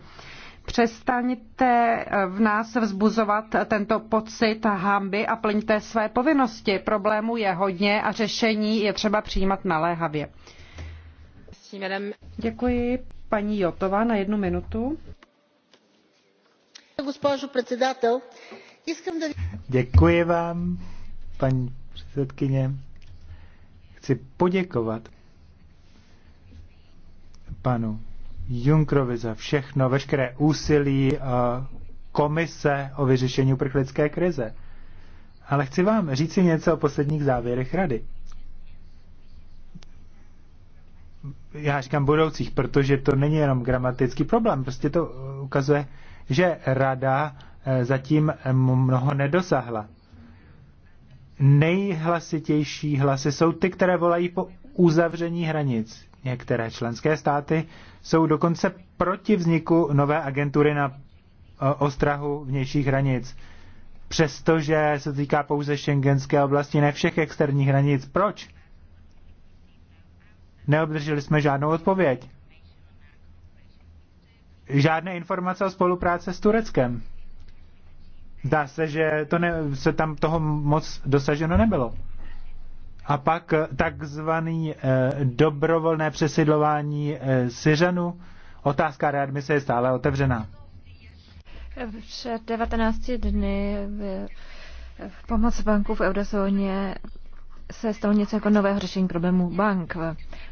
Přestaňte eh, v nás vzbuzovat tento pocit hamby a plňte své povinnosti. Problému je hodně a řešení je třeba přijímat naléhavě. Děkuji. Paní na jednu minutu. Děkuji vám, paní předsedkyně. Chci poděkovat panu Junkrovi za všechno, veškeré úsilí a komise o vyřešení uprchlické krize. Ale chci vám říci něco o posledních závěrech rady. já říkám budoucích, protože to není jenom gramatický problém, prostě to uh, ukazuje, že rada uh, zatím uh, mnoho nedosáhla. Nejhlasitější hlasy jsou ty, které volají po uzavření hranic. Některé členské státy jsou dokonce proti vzniku nové agentury na ostrahu vnějších hranic. Přestože se týká pouze šengenské oblasti, ne všech externích hranic. Proč? neobdrželi jsme žádnou odpověď. Žádné informace o spolupráce s Tureckem. Zdá se, že to ne, se tam toho moc dosaženo nebylo. A pak eh, takzvaný eh, dobrovolné přesidlování eh, Otázka readmise je stále otevřená. Před 19 dny v Pomoc banků v eurozóně se stalo něco jako nového řešení problémů bank.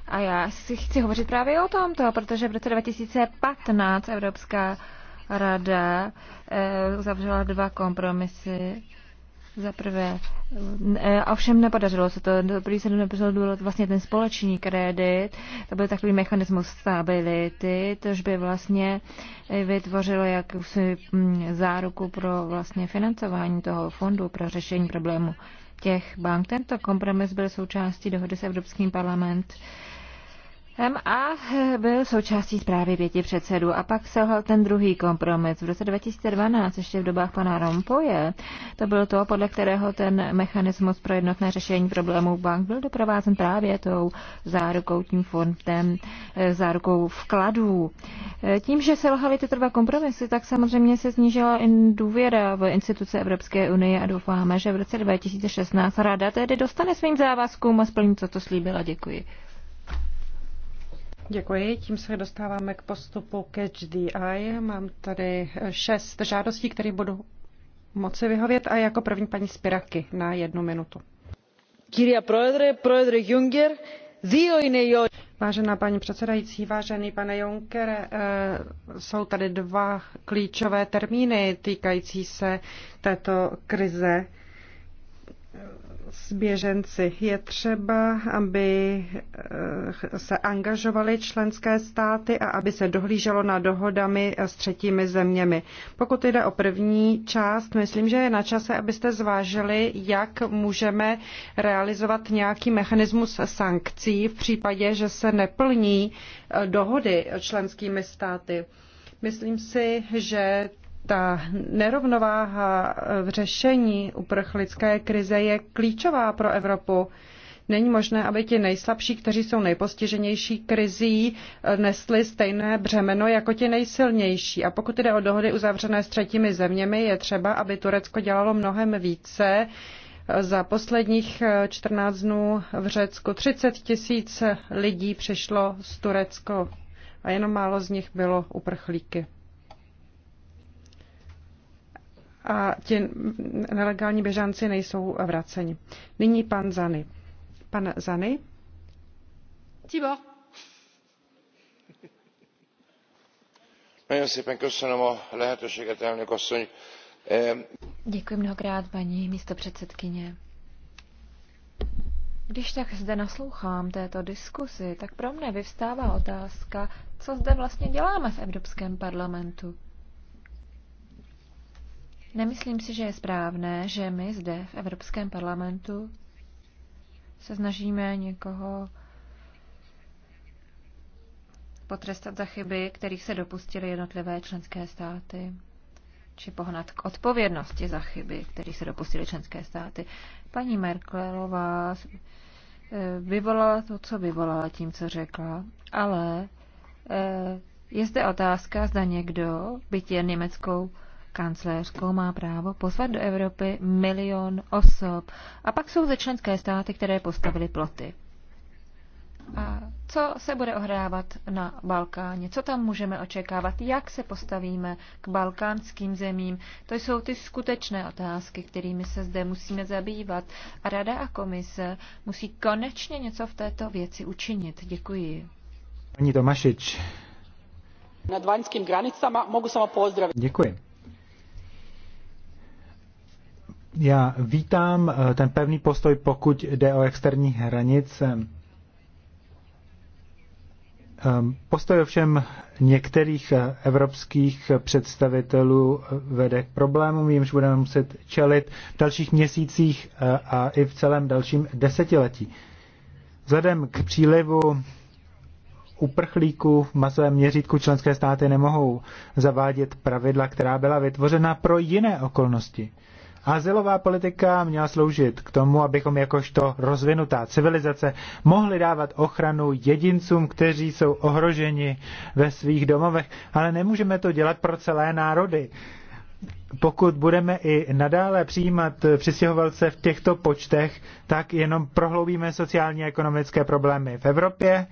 A já si chci hovořit právě o tomto, protože v roce 2015 Evropská rada eh, uzavřela dva kompromisy. Za prvé, eh, ovšem nepodařilo se to, první se nepodařilo vlastně ten společný kredit, to byl takový mechanismus stability, tož by vlastně vytvořilo jakousi mm, záruku pro vlastně financování toho fondu pro řešení problému těch bank. Tento kompromis byl součástí dohody s Evropským parlamentem a eh, byl součástí zprávy pěti předsedů. A pak selhal ten druhý kompromis. V roce 2012, ještě v dobách pana Rompoje, to bylo to, podle kterého ten mechanismus pro jednotné řešení problémů bank byl doprovázen právě tou zárukou, tím fondem, eh, zárukou vkladů. Eh, tím, že selhaly tyto dva kompromisy, tak samozřejmě se snížila i důvěra v instituce Evropské unie a doufáme, že v roce 2016 rada tedy dostane svým závazkům a splní, co to slíbila. Děkuji. Děkuji. Tím se dostáváme k postupu Catch the Eye. Mám tady šest žádostí, které budu moci vyhovět a jako první paní Spiraky na jednu minutu. Kyria Proedre, Proedre Junger, Vážená paní předsedající, vážený pane Juncker, eh, jsou tady dva klíčové termíny týkající se této krize s běženci. Je třeba, aby eh, se angažovaly členské státy a aby se dohlíželo na dohodami s třetími zeměmi. Pokud jde o první část, myslím, že je na čase, abyste zvážili, jak můžeme realizovat nějaký mechanismus sankcí v případě, že se neplní eh, dohody členskými státy. Myslím si, že ta nerovnováha v řešení uprchlické krize je klíčová pro Evropu. Není možné, aby ti nejslabší, kteří jsou nejpostiženější krizí, nesli stejné břemeno jako ti nejsilnější. A pokud jde o dohody uzavřené s třetími zeměmi, je třeba, aby Turecko dělalo mnohem více. Za posledních 14 dnů v Řecku 30 tisíc lidí přišlo z Turecko a jenom málo z nich bylo uprchlíky. a ti nelegální běžanci nejsou vraceni. Nyní pan Zany. Pan Zany? Tibor. Děkuji mnohokrát, paní místo předsedkyně. Když tak zde naslouchám této diskusi, tak pro mne vyvstává otázka, co zde vlastně děláme v Evropském parlamentu. Nemyslím si, že je správné, že my zde v Evropském parlamentu se snažíme někoho potrestat za chyby, kterých se dopustily jednotlivé členské státy, či pohnat k odpovědnosti za chyby, kterých se dopustily členské státy. Paní Merkelová eh, vyvolala to, co vyvolala tím, co řekla, ale eh, je zde otázka, zda někdo, byť německou kancléřkou má právo pozvat do Evropy milion osob. A pak jsou ze členské státy, které postavily ploty. A co se bude ohrávat na Balkáně? Co tam můžeme očekávat? Jak se postavíme k balkánským zemím? To jsou ty skutečné otázky, kterými se zde musíme zabývat. A Rada a komise musí konečně něco v této věci učinit. Děkuji. Paní Tomašič. Nad vaňským granicama mohu samo pozdravit. Děkuji. Já vítám eh, ten pevný postoj, pokud jde o externí hranice. Ehm, postoj ovšem některých eh, evropských představitelů eh, vede k problémům, jimž budeme muset čelit v dalších měsících a i v celém dalším desetiletí. Vzhledem k přílivu uprchlíků v masovém měřítku členské státy nemohou zavádět pravidla, která byla vytvořena pro jiné okolnosti. Azylová politika měla sloužit k tomu, abychom jakožto rozvinutá civilizace mohli dávat ochranu jedincům, kteří jsou ohroženi ve svých domovech, ale nemůžeme to dělat pro celé národy. Pokud budeme i nadále přijímat přistěhovalce v těchto počtech, tak jenom prohloubíme sociální a ekonomické problémy v Evropě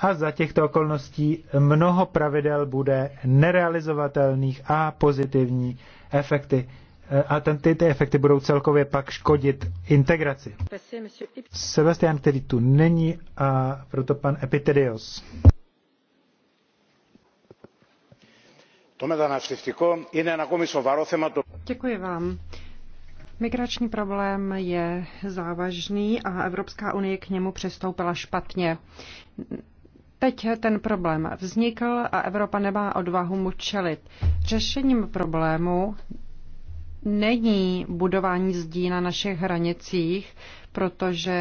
a za těchto okolností mnoho pravidel bude nerealizovatelných a pozitivní efekty Eh, a ten, ty, ty efekty budou celkově pak škodit integraci. Sebastian, který tu není, a proto pan Epitedios. To Děkuji vám. Migrační problém je závažný a Evropská unie k němu přistoupila špatně. Teď ten problém vznikl a Evropa nemá odvahu mu čelit. Řešením problému není budování zdí na našich hranicích, protože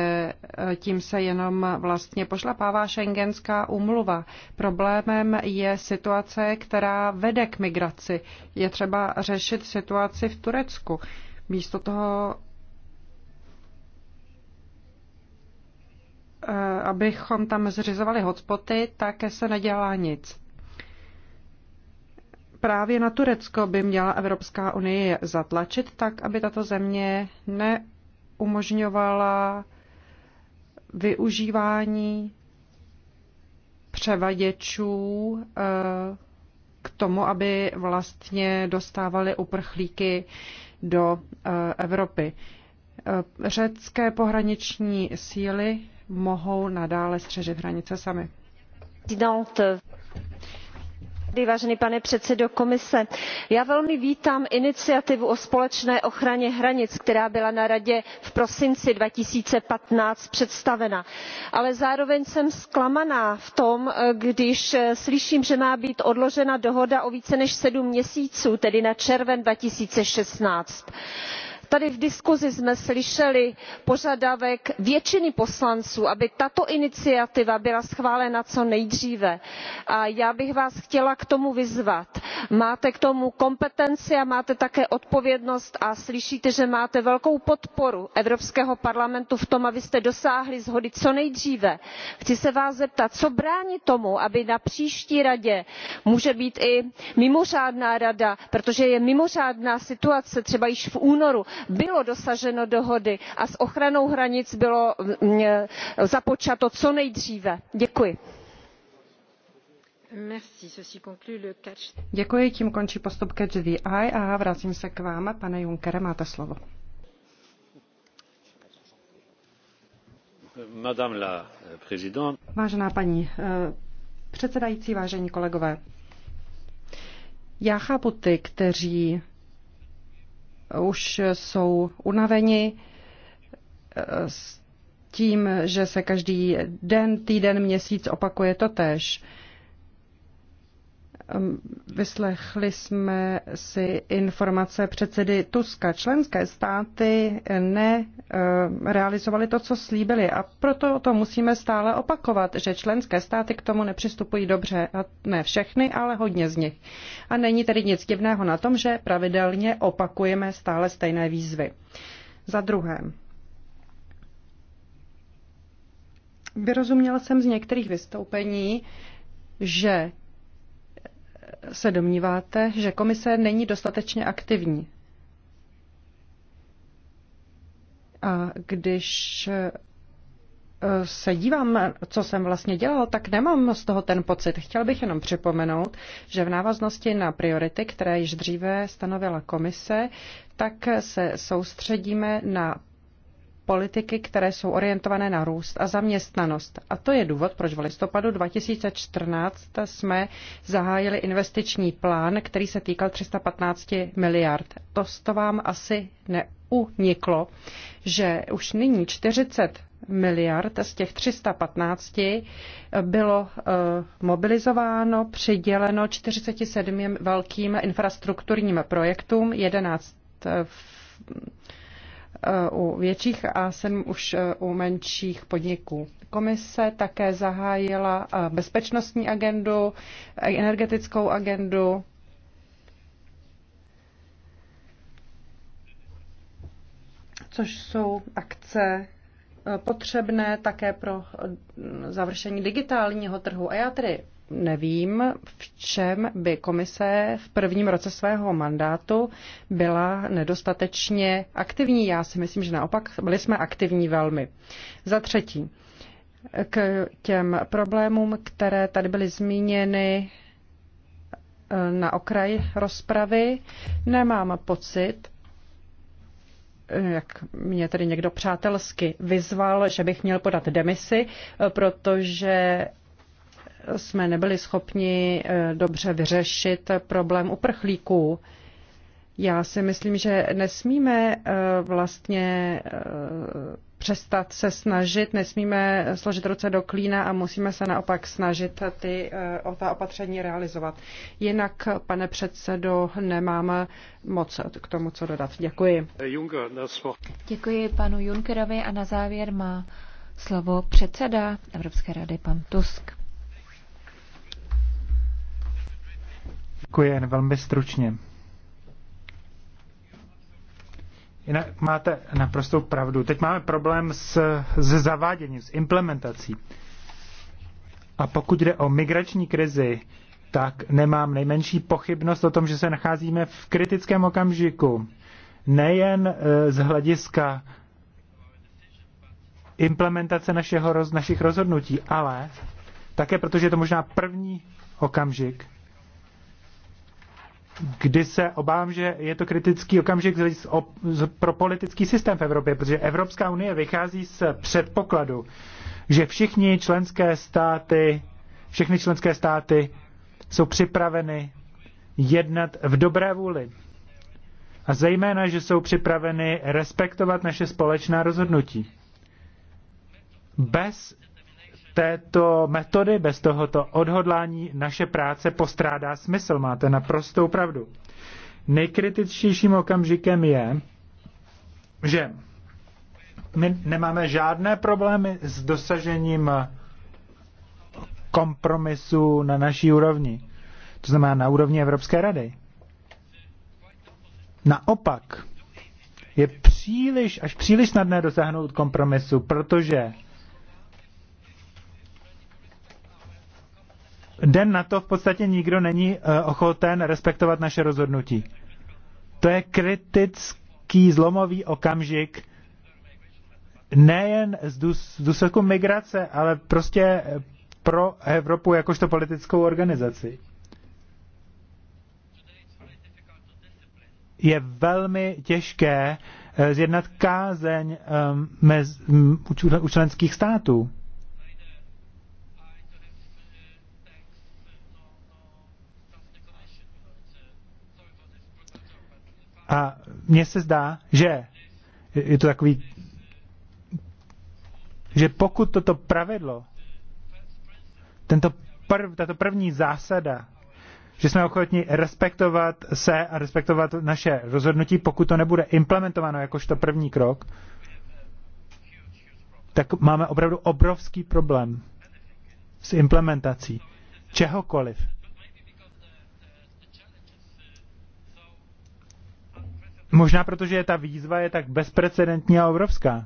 eh, tím se jenom vlastně pošlapává šengenská úmluva. Problémem je situace, která vede k migraci. Je třeba řešit situaci v Turecku. Místo toho, eh, abychom tam zřizovali hotspoty, tak se nedělá nic právě na Turecko by měla Evropská unie zatlačit tak, aby tato země neumožňovala využívání převaděčů eh, k tomu, aby vlastně dostávali uprchlíky do eh, Evropy. Eh, řecké pohraniční síly mohou nadále střežit hranice sami pane předsedající komise já velmi vítám iniciativu o společné ochraně hranic která byla na radě v prosinci two thousand and fifteen představena ale zároveň jsem zklamaná v tom, když slyším že má být odložena dohoda o více než sedm měsíců tedy na červen. two thousand and sixteen tady v diskusi jsme slyšeli požadavek většiny poslanců aby tato iniciativa byla schválena co nejdříve a já bych vás chtěla k tomu vyzvat máte k tomu kompetenci a máte také odpovědnost a slyšíte že máte velkou podporu evropského parlamentu v tom abyste dosáhli shody co nejdříve. chci se vás zeptat co brání tomu aby na příští radě může být i mimořádná rada protože je mimořádná situace třeba již v únoru bylo dosaženo dohody a s ochranou hranic bylo mm, e, započato co nejdříve. děkuji. Děkuji, tím končí postup Catch the Eye a vracím se k vám. Pane Junckere, máte slovo. Madame la eh, présidente. Vážená paní eh, předsedající, vážení kolegové, já chápu ty, kteří už jsou unaveni eh, s tím, že se každý den, týden, měsíc opakuje totéž. Ehm, vyslechli jsme si informace předsedy Tuska. Členské státy nerealizovaly to, co slíbili a proto to musíme stále opakovat, že členské státy k tomu nepřistupují dobře. A ne všechny, ale hodně z nich. A není tedy nic divného na tom, že pravidelně opakujeme stále stejné výzvy. Za druhé, vyrozuměla jsem z některých vystoupení, že se domníváte, že komise není dostatečně aktivní. A když eh, se dívám, co jsem vlastně dělal, tak nemám z toho ten pocit. Chtěl bych jenom připomenout, že v návaznosti na priority, které již dříve stanovila komise, tak se soustředíme na politiky, které jsou orientované na růst a zaměstnanost. A to je důvod, proč v listopadu 2014 jsme zahájili investiční plán, který se týkal 315 miliard. To, to vám asi neuniklo, že už nyní 40 miliard z těch 315 bylo eh, mobilizováno, přiděleno 47 velkým infrastrukturním projektům, 11 v eh, u větších a jsem už e, u menších podniků. Komise také zahájila e, bezpečnostní agendu, e, energetickou agendu. což jsou akce potřebné také pro završení digitálního trhu. A já tedy nevím, v čem by komise v prvním roce svého mandátu byla nedostatečně aktivní. Já si myslím, že naopak byli jsme aktivní velmi. Za třetí, k těm problémům, které tady byly zmíněny eh, na okraji rozpravy, nemám pocit, eh, jak mě tedy někdo přátelsky vyzval, že bych měl podat demisi, eh, protože jsme nebyli schopni eh, dobře vyřešit problém uprchlíků. Já si myslím, že nesmíme eh, vlastně eh, přestat se snažit, nesmíme složit ruce do klína a musíme se naopak snažit ty, o ta opatření realizovat. Jinak, pane předsedo, nemám moc k tomu, co dodat. Děkuji. Děkuji panu Junkerovi a na závěr má slovo předseda Evropské rady, pan Tusk. Děkuji jen velmi stručně. Jinak máte naprostou pravdu. Teď máme problém s, s zaváděním, s implementací. A pokud jde o migrační krizi, tak nemám nejmenší pochybnost o tom, že se nacházíme v kritickém okamžiku. Nejen eh, z hlediska implementace našeho, našich rozhodnutí, ale také protože je to možná první okamžik, kdy se obávám, že je to kritický okamžik pro politický systém v Evropě, protože Evropská unie vychází z předpokladu, že všichni členské státy, všechny členské státy jsou připraveny jednat v dobré vůli. A zejména, že jsou připraveny respektovat naše společná rozhodnutí. Bez této metody, bez tohoto odhodlání naše práce postrádá smysl. Máte naprostou pravdu. Nejkritičtějším okamžikem je, že my nemáme žádné problémy s dosažením kompromisu na naší úrovni. To znamená na úrovni Evropské rady. Naopak, je příliš, až příliš snadné dosáhnout kompromisu, protože den na to v podstatě nikdo není eh, ochoten respektovat naše rozhodnutí. To je kritický zlomový okamžik nejen z důsledku migrace, ale prostě eh, pro Evropu jakožto politickou organizaci. Je velmi těžké eh, zjednat kázeň um, mez, um, u členských států. A mně se zdá, že je to takový, že pokud toto pravidlo, tento prv, tato první zásada, že jsme ochotni respektovat se a respektovat naše rozhodnutí, pokud to nebude implementováno jakožto první krok, tak máme opravdu obrovský problém s implementací čehokoliv. Možná protože ta výzva je tak bezprecedentní a obrovská.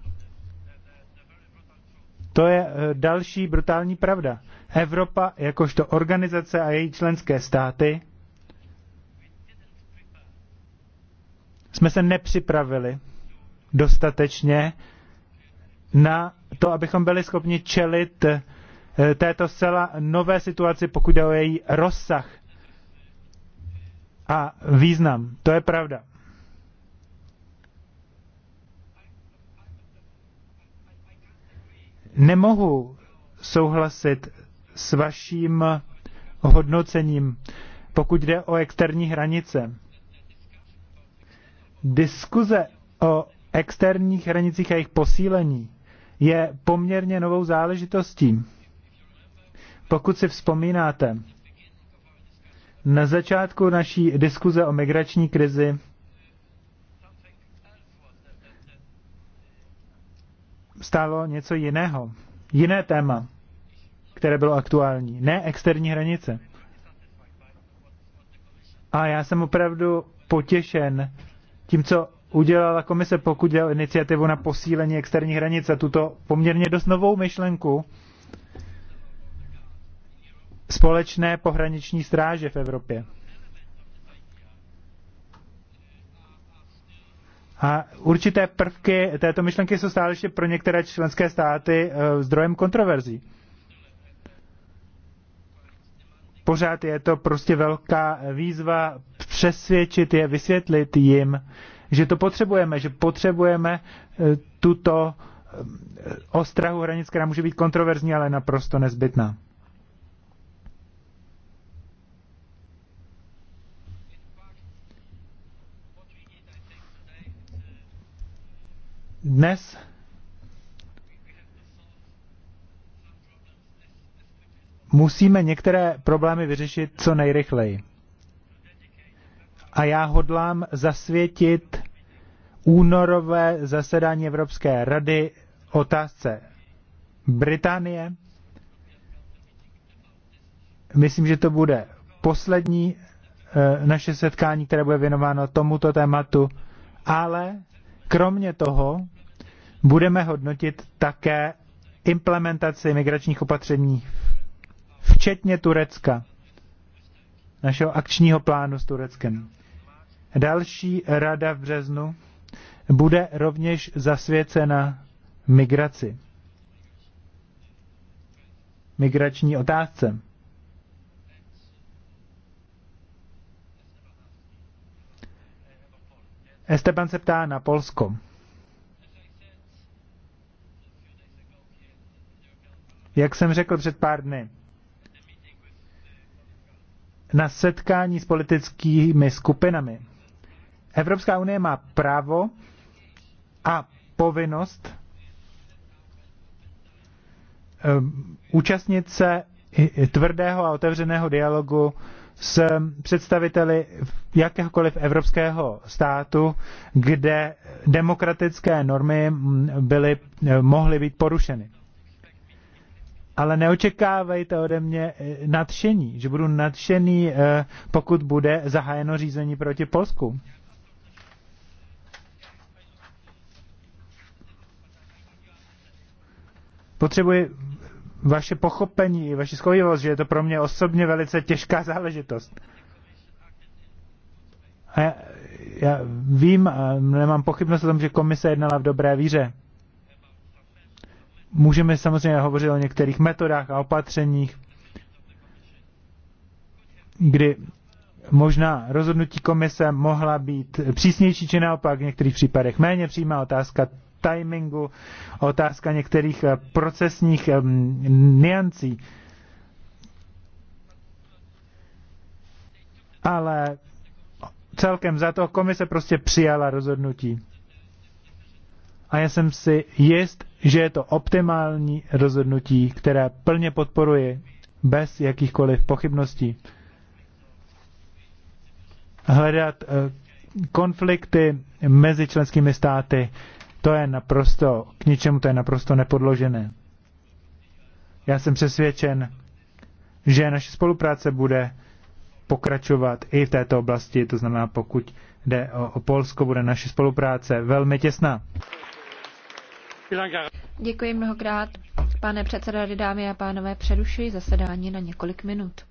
To je eh, další brutální pravda. Evropa, jakožto organizace a její členské státy, jsme se nepřipravili dostatečně na to, abychom byli schopni čelit eh, této zcela nové situaci, pokud jde o její rozsah a význam. To je pravda. nemohu souhlasit s vaším hodnocením, pokud jde o externí hranice. Diskuze o externích hranicích a jejich posílení je poměrně novou záležitostí. Pokud si vzpomínáte, na začátku naší diskuze o migrační krizi stálo něco jiného, jiné téma, které bylo aktuální, ne externí hranice. A já jsem opravdu potěšen tím, co udělala komise, pokud dělal iniciativu na posílení externí hranice, tuto poměrně dost novou myšlenku společné pohraniční stráže v Evropě. A určité prvky této myšlenky jsou stále ještě pro některé členské státy eh, zdrojem kontroverzí. Pořád je to prostě velká výzva přesvědčit je, vysvětlit jim, že to potřebujeme, že potřebujeme eh, tuto eh, ostrahu hranic, která může být kontroverzní, ale naprosto nezbytná. Dnes musíme některé problémy vyřešit co nejrychleji. A já hodlám zasvětit únorové zasedání Evropské rady otázce Británie. Myslím, že to bude poslední eh, naše setkání, které bude věnováno tomuto tématu, ale Kromě toho budeme hodnotit také implementaci migračních opatření, včetně Turecka, našeho akčního plánu s Tureckem. Další rada v březnu bude rovněž zasvěcena migraci. Migrační otázce. Esteban se ptá na Polsko. Jak jsem řekl před pár dny, na setkání s politickými skupinami. Evropská unie má právo a povinnost eh, účastnit se tvrdého a otevřeného dialogu s představiteli jakéhokoliv evropského státu, kde demokratické normy byly, mohly být porušeny. Ale neočekávejte ode mě eh, nadšení, že budu nadšený, eh, pokud bude zahájeno řízení proti Polsku. Potřebuji vaše pochopení, vaši schovivost, že je to pro mě osobně velice těžká záležitost. A já, já vím a nemám pochybnost o tom, že komise jednala v dobré víře. Můžeme samozřejmě hovořit o některých metodách a opatřeních, kdy možná rozhodnutí komise mohla být přísnější či naopak v některých případech méně přímá otázka timingu, otázka některých eh, procesních eh, niancí. Ale celkem za to komise prostě přijala rozhodnutí. A já jsem si jist, že je to optimální rozhodnutí, které plně podporuji bez jakýchkoliv pochybností. Hledat eh, konflikty mezi členskými státy to je naprosto, k ničemu to je naprosto nepodložené. Já jsem přesvědčen, že naše spolupráce bude pokračovat i v této oblasti, to znamená, pokud jde o, o Polsko, bude naše spolupráce velmi těsná. Děkuji mnohokrát. Pane předsedo, dámy a pánové, přerušuji zasedání na několik minut.